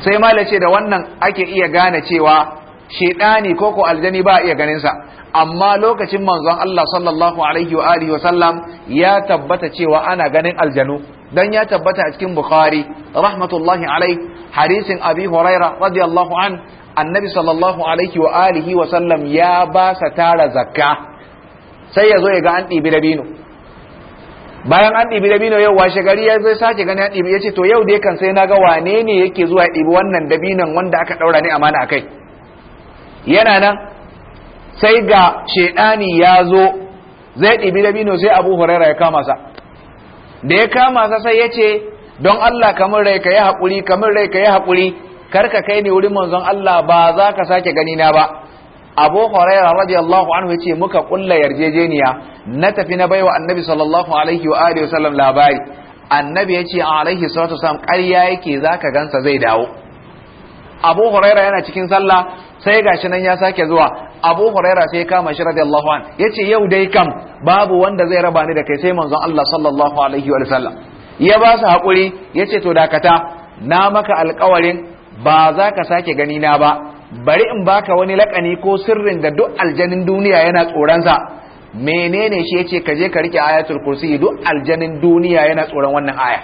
sai ma ce da wannan ake iya gane cewa Shaidani ko ko aljani ba iya ganin sa amma lokacin manzon Allah sallallahu alaihi wa alihi wa sallam ya tabbata cewa ana ganin aljanu dan ya tabbata a cikin bukhari rahmatullahi alaihi hadisin abi huraira radiyallahu an annabi sallallahu alaihi wa alihi wa sallam ya ba sa tara zakka sai ya zo ya ga an ɗibi dabino bayan an ɗibi dabino yau washe gari ya zai sake gani an ɗibi ya ce to yau dai kan sai na ga wane ne yake zuwa ɗibi wannan dabinon wanda aka ɗaura ne amana a kai yana nan sai ga shaidani ya zo zai ɗibi dabino sai abu huraira ya kama sa da ya kama sa sai yace don allah kamar rai ka yi haƙuri kamar rai ka yi haƙuri karka kai ni wurin manzon Allah ba za ka sake gani na ba Abu Hurairah radiyallahu anhu yace muka kulla yarjejeniya na tafi na baiwa Annabi sallallahu alaihi wa alihi wasallam labari Annabi yace alaihi salatu wasallam ƙarya yake zaka gansa zai dawo Abu Hurairah yana cikin sallah sai gashi nan ya sake zuwa Abu Hurairah sai kama shi radiyallahu anhu yace yau dai kam babu wanda zai raba ni da kai sai manzon Allah sallallahu alaihi wa sallam ya ba su hakuri yace to dakata na maka alƙawarin ba za ka sake gani na ba bari in baka wani lakani ko sirrin da duk aljanin duniya yana tsoronsa menene shi yace ka je ka rike ayatul kursi duk aljanin duniya yana tsoron wannan aya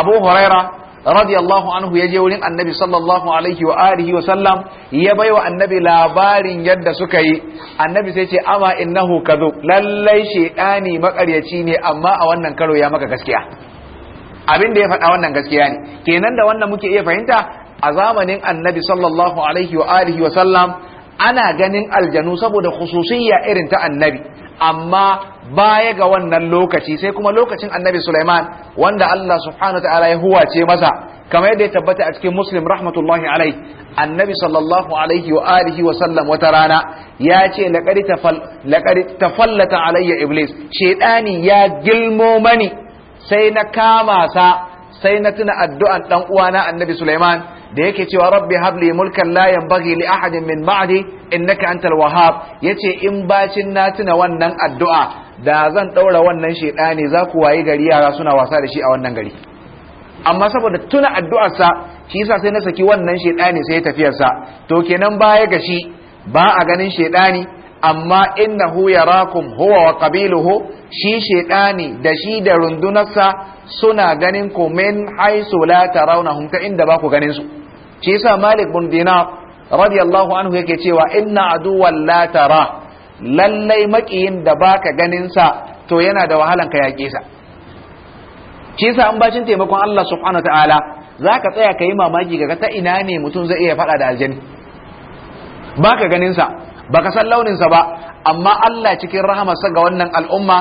Abu Huraira radiyallahu anhu ya je wurin Annabi sallallahu alaihi wa alihi wa sallam ya baiwa Annabi labarin yadda suka yi Annabi sai ce ama innahu kadhub lallai shedani makaryaci ne amma a wannan karo ya maka gaskiya abin da ya faɗa wannan gaskiya ne kenan da wannan muke iya fahimta a zamanin annabi sallallahu alaihi wa alihi wa sallam ana ganin aljanu saboda khususiyya irin ta annabi amma baya ga wannan lokaci sai kuma lokacin annabi Sulaiman wanda Allah subhanahu wa ta'ala ya huwace masa kamar yadda ya tabbata a cikin Muslim rahmatullahi alaihi annabi sallallahu alaihi wa alihi wa sallam wata rana ya ce laqad tafallata alayya iblis shedani ya gilmo mani sai na kama sa sai na tuna addu'an dan uwana annabi Sulaiman da yake cewa rabbi habli mulkan la yanbaghi li ahadin min ba'di innaka antal wahhab yace in bacin na tuna wannan addu'a da zan daura wannan shedani za ku wayi gari yara suna wasa da shi a wannan gari amma saboda tuna addu'ar sa shi yasa sai na saki wannan shedani sai ya sa to kenan baya ga shi ba a ganin shedani amma innahu yarakum huwa wa qabiluhu shi shedani da shi da rundunarsa suna ganin ku min haisu la tarawnahum ta inda ba ku ganin su shi yasa Malik bin Dinar radiyallahu anhu yake cewa inna aduwwan la tara lallai makiyin da baka ganin sa to yana da wahalan ka yaƙe sa shi yasa an bacin taimakon Allah subhanahu wa ta'ala zaka tsaya kayi mamaki ga ta ina ne mutum zai iya faɗa da aljanna baka ganin sa baka san launinsa ba amma Allah cikin rahamarsa ga wannan al'umma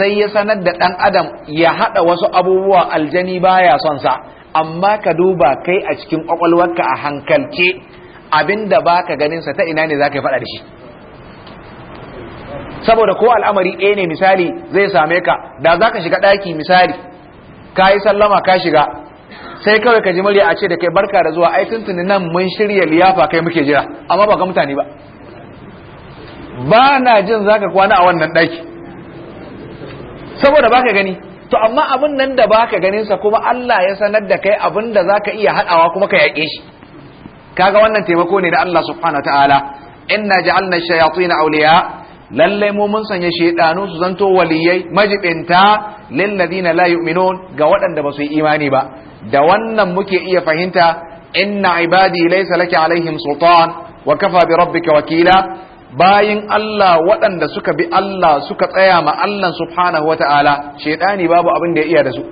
sai ya sanar da ɗan adam ya haɗa wasu abubuwa aljani baya son sa amma ka duba kai a cikin ƙwaƙwalwarka a hankalce abinda baka ganinsa ta ina ne za ka faɗa da shi saboda ko al'amari ɗaya ne misali zai same ka da zaka shiga ɗaki misali ka yi sallama ka shiga sai kawai ka ji murya a ce da kai barka da zuwa ai tuntuni nan mun shirya liyafa kai muke jira amma ba ga mutane ba ba na jin ka kwana a wannan ɗaki saboda baka gani to amma abin nan da baka ka ganinsa, kuma Allah ya sanar da kai abin da zaka iya haɗawa kuma ka yaƙe shi kaga wannan taimako ne da Allah subhanahu ta'ala? inna ja'alna shayatin awliya lallai mu mun sanya shaidanu su zanto waliyai majibinta lilladina la yu'minun ga waɗanda ba su yi imani ba da wannan muke iya fahimta inna ibadi laysa laka alaihim sultan wa kafa bi rabbika wakila bayin Allah waɗanda suka bi Allah suka tsaya ma Allah subhanahu ta'ala, shedani babu abin da ya iya da su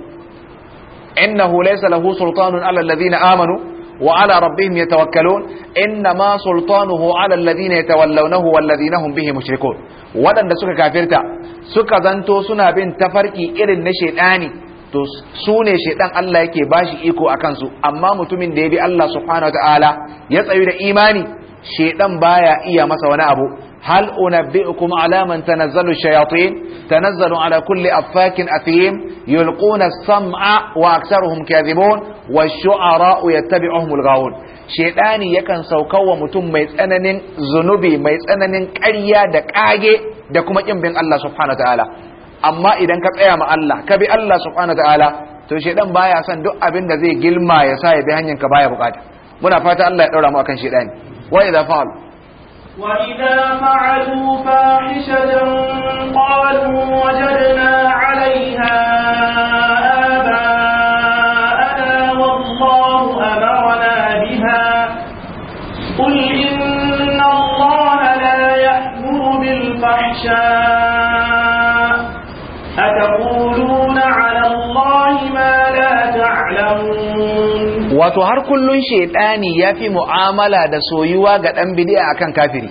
innahu laysa lahu sultanun ala alladhina amanu wa ala rabbihim yatawakkalun innama sultanuhu ala alladhina yatawallawnahu walladhina hum bihi mushrikun waɗanda suka kafirta suka zanto suna bin tafarki irin na shedani to su ne shaidan Allah yake bashi iko a kansu amma mutumin da ya bi Allah subhanahu wa ta'ala ya tsayu da imani shedan baya iya masa wani abu hal unabbi'ukum ala man tanazzalu shayatin tanazzalu ala kulli affakin athim yulquna as-sam'a wa aktharuhum kadhibun wash-shu'ara'u yattabi'uhum al-ghawun shedani yakan saukawa mutum mai tsananin zunubi mai tsananin ƙarya da kage da kuma kin bin Allah subhanahu ta'ala amma idan ka tsaya ma Allah ka bi Allah subhanahu ta'ala to shedan baya son duk abin da zai gilma ya sa ya bi hanyar ka baya bukata muna fata Allah ya daura mu akan shedani وإذا فعلوا وإذا فعلوا فاحشة قالوا وجدنا عليها آباءنا والله أمرنا بها قل إن الله لا يأمر بالفحشاء wato har kullun shaitani ya fi mu'amala da soyuwa ga ɗan bidi'a akan kafiri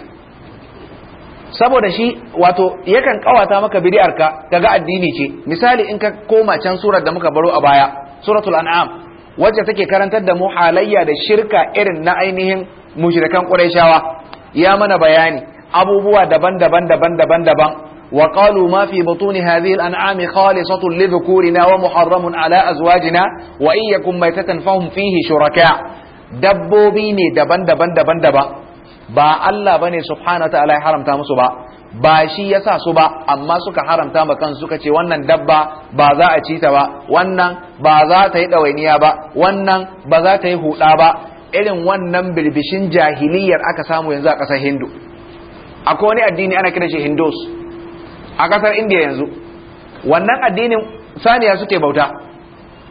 saboda shi wato yakan kawata maka bidi'ar ka addini ce misali in ka koma can surar da muka baro a baya suratul an'am wacce take karantar da mu halayya da shirka irin na ainihin mushrikan qurayshawa ya mana bayani abubuwa daban-daban daban-daban daban وقالوا ما في بطون هذه الأنعام خالصة لذكورنا ومحرم على أزواجنا وإن يكن ميتة فهم فيه شركاء dabbobi ne daban-daban daban-daban ba Allah bane subhanahu ta'ala ya haramta musu ba ba shi yasa su ba amma suka haramta ma kansu suka ce wannan dabba ba za a ci ta ba wannan ba za ta yi ɗawainiya ba wannan ba za ta yi huɗa ba irin wannan birbishin jahiliyar aka samu yanzu a ƙasar hindu akwai wani addini ana kiran hindus a kasar indiya yanzu wannan addinin saniya suke bauta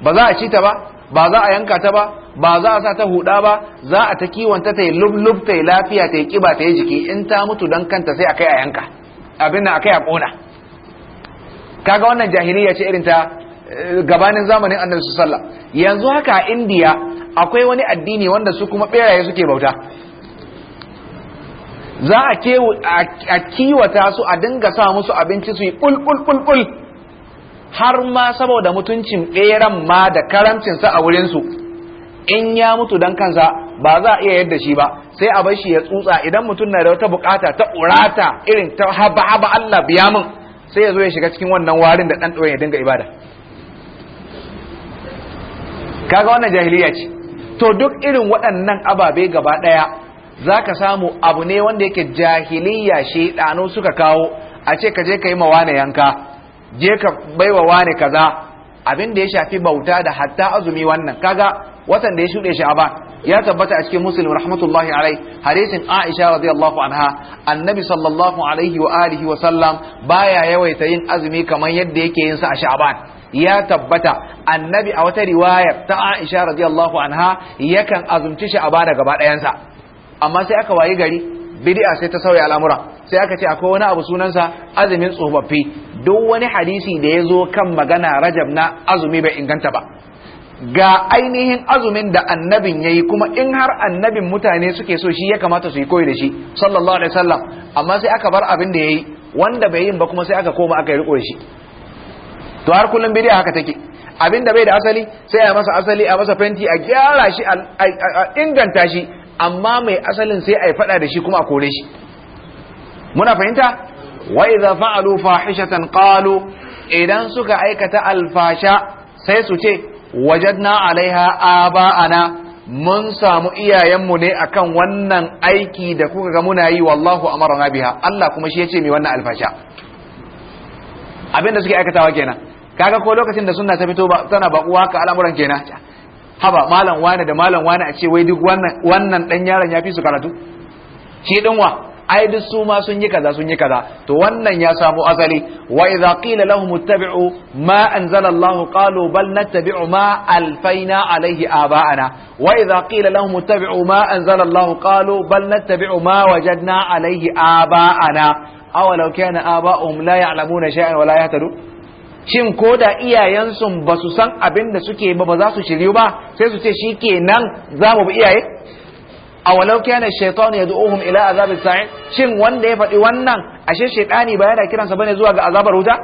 ba za a ci ta ba ba za a yanka ta ba ba za a sa ta huda ba za a ta kiwanta ta yi lublub ta yi lafiya ta yi kiba ta yi jiki in ta mutu don kanta sai a kai a yanka abin a kai a kona kaga wannan jahiliya ce irin ta eh, gabanin zamanin annabi sallah yanzu haka a indiya akwai wani addini wanda su kuma beraye suke bauta za a kiwata su a dinga sa musu abinci su yi ɓulɓulɓulɓul har ma saboda mutuncin ɓeran ma da karamcinsa a wurinsu in ya mutu don kansa ba za a iya yadda shi ba sai a bar ya tsutsa idan mutum na da wata bukata ta urata irin ta haba haba Allah biya min sai ya zo ya shiga cikin wannan warin da ɗan ya dinga ibada kaga wannan jahiliya ce to duk irin waɗannan ababe gaba ɗaya za ka samu abu ne wanda yake jahiliya shaidanu suka kawo a ce ka je ka yi ma wane yanka je ka baiwa wane kaza abin da ya shafi bauta da hatta azumi wannan kaga watan da ya shuɗe sha'aba ya tabbata a cikin muslim rahmatullahi alai hadisin aisha radiyallahu anha annabi sallallahu alaihi wa alihi wa sallam baya yawaita yin azumi kamar yadda yake yin sa a sha'aban ya tabbata annabi a wata riwayar ta aisha radiyallahu anha yakan azumci da gaba ɗayansa amma sai aka wayi gari bid'a sai ta sauya al'amura sai aka ce akwai wani abu sunansa azumin tsofaffi duk wani hadisi da ya zo kan magana rajab na azumi bai inganta ba ga ainihin azumin da annabin ya yi kuma in har annabin mutane suke so shi ya kamata su yi koyi da shi sallallahu alaihi wasallam amma sai aka bar abin da ya yi wanda bai yin ba kuma sai aka koma aka yi riko shi to har kullum bidiya haka take abin da bai da asali sai a masa asali a masa fenti a gyara shi a inganta shi amma mai asalin sai a yi fada da shi kuma a kore shi muna fahimta wa idza fa'alu fahishatan qalu idan suka aikata alfasha sai su ce wajadna alaiha aba'ana mun samu iyayenmu ne akan wannan aiki da kuka ga muna yi wallahu amarna biha Allah kuma shi yace mai wannan alfasha abinda suke aikatawa kenan kaga ko lokacin da sunna ta fito tana bakuwa ka al'amuran kenan haba malam wane da malam wane a ce wai duk wannan dan yaron ya fi su karatu shi din wa ai duk su ma sun yi kaza sun yi kaza to wannan ya samu asali wa idza qila lahum ittabi'u ma anzala Allah qalu bal nattabi'u ma alfaina alayhi aba'ana wa idza qila lahum ittabi'u ma anzala Allah qalu bal nattabi'u ma wajadna alayhi aba'ana aw law kana aba'uhum la ya'lamuna shay'an wa la yahtadun shin ko da iyayensu ba su san abin da suke ba ba za su shiryu ba sai su ce shi kenan za mu bi iyaye a walau kana shaitan ya ila azab sa'id shin wanda ya faɗi wannan ashe shaitani ba yana kiransa bane zuwa ga azabar wuta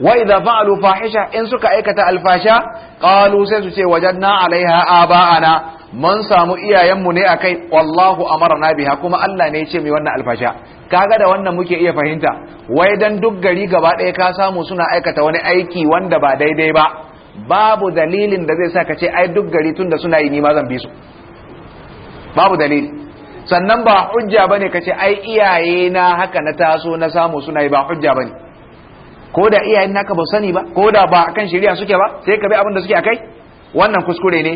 wa idza fa'alu fahisha in suka aikata alfasha qalu sai su ce wajadna alaiha aba'ana mun samu iyayenmu ne akai wallahu amarna biha kuma Allah ne ya ce mai wannan alfasha kaga da wannan muke iya fahimta wai dan duk gari gaba ɗaya ka samu suna aikata wani aiki wanda ba daidai ba babu dalilin da zai sa ka ce ai duk gari tunda suna yi nima zan bi su babu dalili sannan ba hujja bane ka ce ai iyaye na haka na taso na samu suna yi ba hujja bane ko da iyayen naka ba sani ba ko da ba akan shari'a suke ba sai ka bi abin da suke akai wannan kuskure ne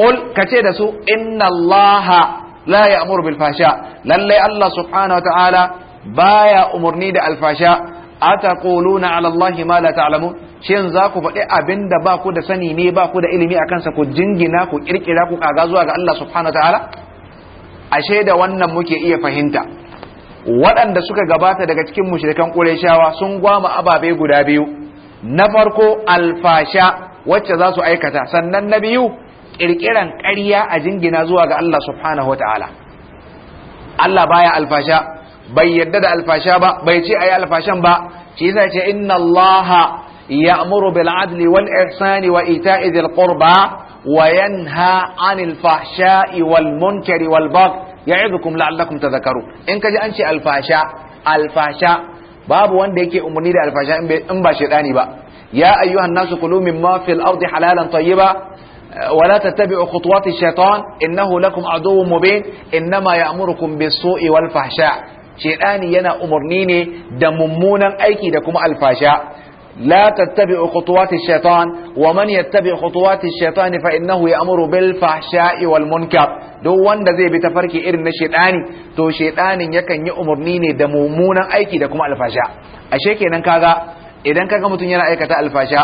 qul ka ce da su inna allaha la amuru bil fasha lalle Allah subhanahu wa ta'ala baya umurni da alfasha ataquluna ala Allahi ma la ta'lamun shin za ku faɗi abin da ba ku da sani ne ba ku da ilimi a kansa ku jingina ku ƙirƙira ku kaga zuwa ga Allah subhanahu ta'ala ashe da wannan muke iya fahimta waɗanda suka gabata daga cikin mushrikan Qurayshawa sun gwama ababe guda biyu na farko alfasha wacce za su aikata sannan na biyu kirkiran ƙarya a jingina zuwa ga Allah subhanahu wataala Allah baya alfasha bai yadda da alfasha ba bai ce ayi alfashan ba shi yasa ce inna Allah ya'muru bil adli wal ihsani wa ita'i dhil qurba wa yanha 'anil fahsha'i wal munkari wal baghi ya'idukum la'allakum tadhakkarun in kaji an ce alfasha alfasha babu wanda yake umarni da alfasha in ba shaidani ba ya ayyuhan nasu kulu mimma fil ardi halalan tayyiba ولا تتبعوا خطوات الشيطان إنه لكم عدو مبين إنما يأمركم بالسوء والفحشاء شيطاني ينا أمرنيني دممونا أيكي دكم الفحشاء لا تتبعوا خطوات الشيطان ومن يتبع خطوات الشيطان فإنه يأمر بالفحشاء والمنكر duk wanda zai bi tafarki irin na shedani to shedanin yakan yi umarni ne da mummunan aiki da kuma alfasha ashe kenan kaga idan kaga mutum yana aikata alfasha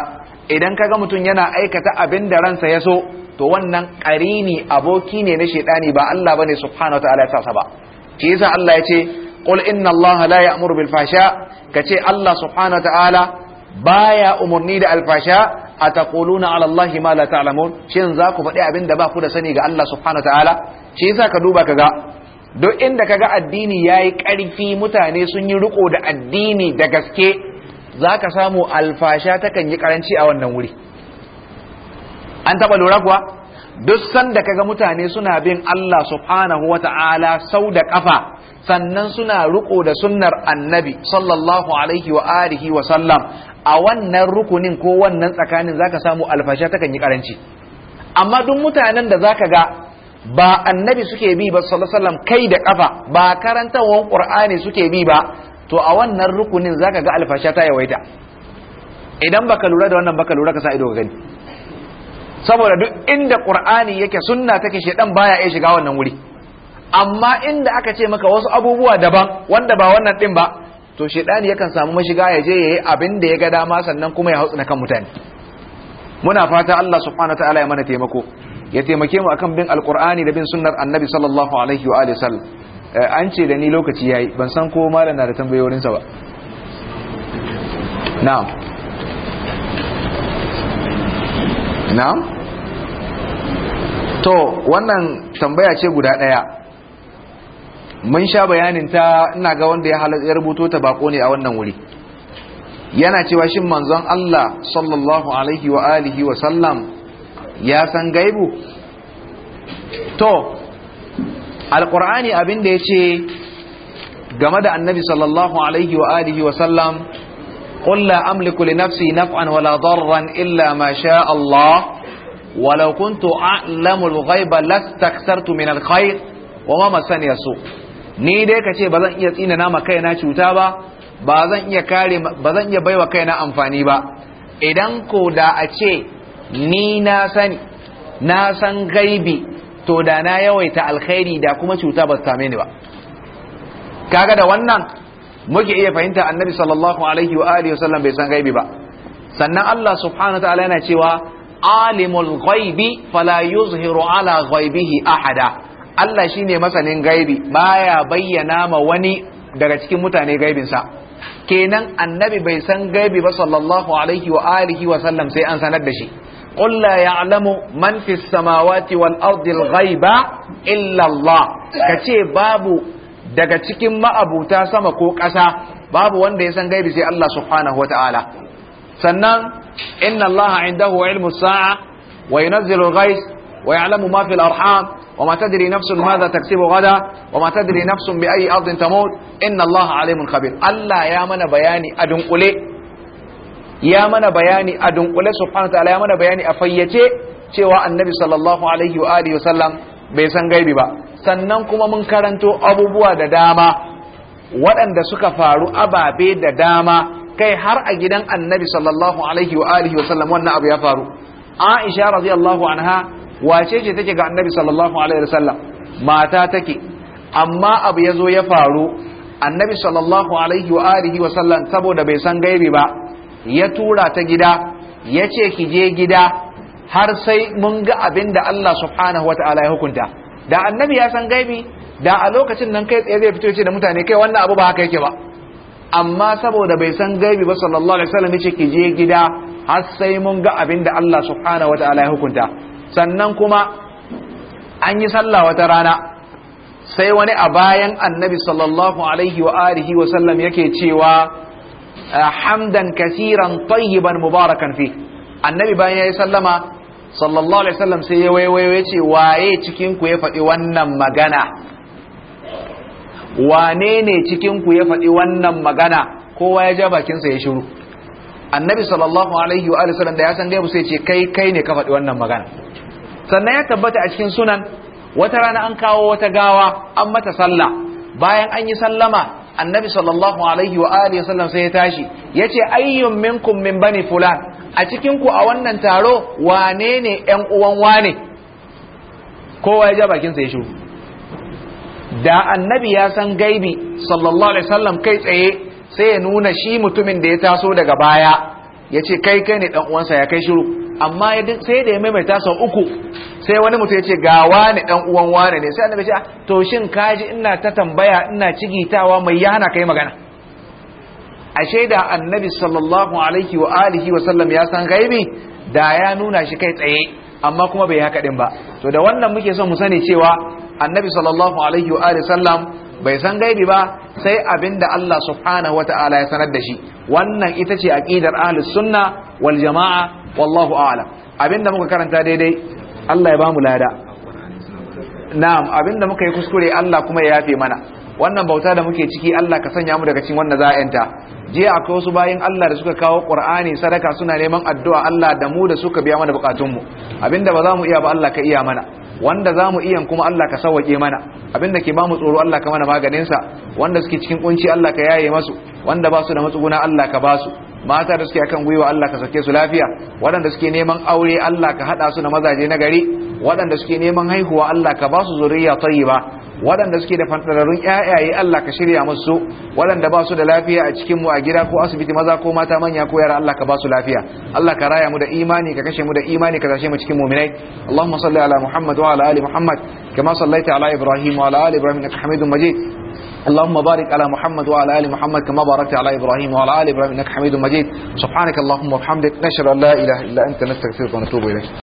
idan ka ga mutum yana aikata abin da ransa ya so to wannan ƙarini aboki ne na shaidani ba Allah bane subhanahu wataala ya sa ba ke yasa Allah ya ce qul inna Allah la ya'muru bil ka kace Allah subhanahu wataala baya umurni da alfasha ataquluna ala Allah ma la ta'lamun shin za ku faɗi abin da ba ku da sani ga Allah subhanahu wataala ke yasa ka duba kaga duk inda kaga addini yayi ƙarfi mutane sun yi riko da addini da gaske za ka samu alfasha takan yi karanci a wannan wuri an taɓa lura kuwa duk sanda kaga mutane suna bin Allah subhanahu wa ta'ala sau da ƙafa sannan suna ruko da sunnar annabi sallallahu alaihi wa alihi wa sallam a wannan rukunin ko wannan tsakanin zaka samu alfasha takan yi karanci amma duk mutanen da zaka ga ba annabi suke bi ba sallallahu alaihi kai da kafa ba karantawan qur'ani suke bi ba to a wannan rukunin zaka ga alfasha ta yawaita idan baka lura da wannan baka lura ka sa ido ga gani saboda duk inda qur'ani yake sunna take dan baya iya shiga wannan wuri amma inda aka ce maka wasu abubuwa daban wanda ba wannan din ba to shedani yakan samu mashiga ya je yayi abin da ya ga dama sannan kuma ya hautsu na kan mutane muna fata Allah subhanahu wataala ya mana taimako ya taimake mu akan bin alqur'ani da bin sunnar annabi sallallahu alaihi wa alihi sallam Eh, an ce da ni lokaci yayi ban san ko malam na da sa ba na'am na'am to wannan tambaya ce guda daya mun sha bayanin ta ina ga wanda ya rubuto ta bako ne a wannan wuri yana cewa shin manzon Allah sallallahu alaihi wa alihi wa sallam ya san gaibu to alqur'ani abin da ce game da annabi sallallahu alaihi wa alihi wa sallam قل لا أملك لنفسي نفعا ولا ضرا إلا ما شاء الله ولو كنت أعلم min لاستكثرت من الخير وما مسني السوء ni dai ka ce ba zan iya tsina nama kaina cuta ba ba zan iya kare ba zan iya baiwa kaina amfani ba idan ko da a ce ni na sani na san gaibi to da na yawaita alkhairi da kuma cuta ba same ni ba kaga da wannan muke iya fahimta annabi sallallahu alaihi wa alihi wasallam bai san gaibi ba sannan Allah subhanahu ta'ala yana cewa alimul ghaibi fala yuzhiru ala ghaibihi ahada Allah shine masanin gaibi baya bayyana ma wani daga cikin mutane gaibinsa kenan annabi bai san gaibi ba sallallahu alaihi wa alihi wa sallam sai an sanar da shi قل لا يعلم من في السماوات والأرض الغيب إلا الله كتي بابو daga cikin ma'abuta sama ko ƙasa babu wanda ya san gaibi sai Allah subhanahu wa ta'ala sannan inna Allah indahu ilmu sa'a wa yunazzilu ghais wa ya'lamu ma fil arham وما تدري نفس ماذا تكسب غدا وما تدري نفس بأي أرض تموت إن الله عليم خبير الله يا من بياني أدنقلي ya mana bayani a dunkule subhanahu ta'ala ya mana bayani a fayyace cewa annabi sallallahu alaihi wa alihi wasallam bai san gaibi ba sannan kuma mun karanto abubuwa da dama waɗanda suka faru ababe da dama kai har a gidan annabi sallallahu alaihi wa alihi wasallam wannan abu ya faru aisha radiyallahu anha wace ce take ga annabi sallallahu alaihi wasallam mata take amma abu ya zo ya faru annabi sallallahu alaihi wa alihi wasallam saboda bai san gaibi ba ya tura ta gida ya ce ki je gida har sai mun ga abin da Allah subhanahu ta'ala ya hukunta da annabi ya san gaibi da a lokacin nan kai tsaye zai fito ce da mutane kai wannan abu ba haka yake ba amma saboda bai san gaibi ba sallallahu alaihi wasallam yace ki je gida har sai mun ga abin da Allah subhanahu ta'ala ya hukunta sannan kuma an yi sallah wata rana sai wani a bayan annabi sallallahu alaihi wa alihi wa sallam yake cewa hamdan kasiran tayyiban mubarakan fi annabi bayan yayi sallama sallallahu alaihi wasallam sai ya waiwayo ce waye cikin ku ya faɗi wannan magana wane ne cikin ku ya faɗi wannan magana kowa ya ja bakinsa ya shiru annabi sallallahu alaihi wa sallam da ya san gaibu sai ce kai kai ne ka faɗi wannan magana sannan ya tabbata a cikin sunan wata rana an kawo wata gawa an mata sallah bayan an yi sallama annabi sallallahu alaihi wa alihi wasallam sai ya tashi yace ayyun minkum min bani fulan a cikin ku a wannan taro wane ne ƴan uwan wane kowa ya ja bakin sa ya shiru da annabi ya san gaibi sallallahu alaihi wasallam kai tsaye sai ya nuna shi mutumin da ya taso daga baya yace kai kai ne dan uwansa ya kai shiru amma sai da ya maimaita sau uku sai wani mutum ya ce ga wani dan uwan wani ne sai annabi ya ce ah, to shin kaji ina ta tambaya ina cigitawa mai ya hana kai magana a shaida annabi sallallahu alaihi wa alihi wa sallam ya san gaibi da ya nuna shi kai tsaye amma kuma bai haka din ba to da wannan muke son mu sani cewa annabi sallallahu alaihi wa alihi sallam bai san gaibi ba sai abinda Allah subhanahu wa ta'ala ya sanar da shi wannan ita ce aqidar ahlus sunna wal jama'a wallahu a'lam abinda muka karanta daidai Allah ya bamu lada na'am abinda muka yi kuskure Allah kuma ya yafe mana wannan bauta da muke ciki Allah ka sanya mu daga cikin wannan za'yanta jiya akwai wasu bayan Allah da suka kawo Qur'ani sadaka suna neman addu'a Allah da mu da suka biya mana bukatun mu abinda ba za mu iya ba Allah ka iya mana wanda za mu iya kuma Allah ka sauke mana abinda ke ba mu tsoro Allah ka mana maganinsa wanda suke cikin kunci Allah ka yaye masu wanda ba su da matsuguna Allah ka ba su mata da suke akan gwiwa Allah ka sake su lafiya waɗanda suke neman aure Allah ka haɗa su na mazaje na gari waɗanda suke neman haihuwa Allah ka ba su zuriya tayyiba waɗanda suke da fantararrun ƴaƴaye Allah ka shirya musu waɗanda ba su da lafiya a cikin mu a gida ko asibiti maza ko mata manya ko yara Allah ka ba su lafiya Allah ka raya mu da imani ka kashe mu da imani ka tashe mu cikin mu'minai Allahumma salli ala Muhammad wa ala ali Muhammad kama sallaita ala Ibrahim wa ala ali Ibrahim innaka Hamidum Majid اللهم بارك على محمد وعلى ال محمد كما باركت على ابراهيم وعلى ال ابراهيم انك حميد مجيد سبحانك اللهم وبحمدك نشهد ان لا اله الا انت نستغفرك ونتوب اليك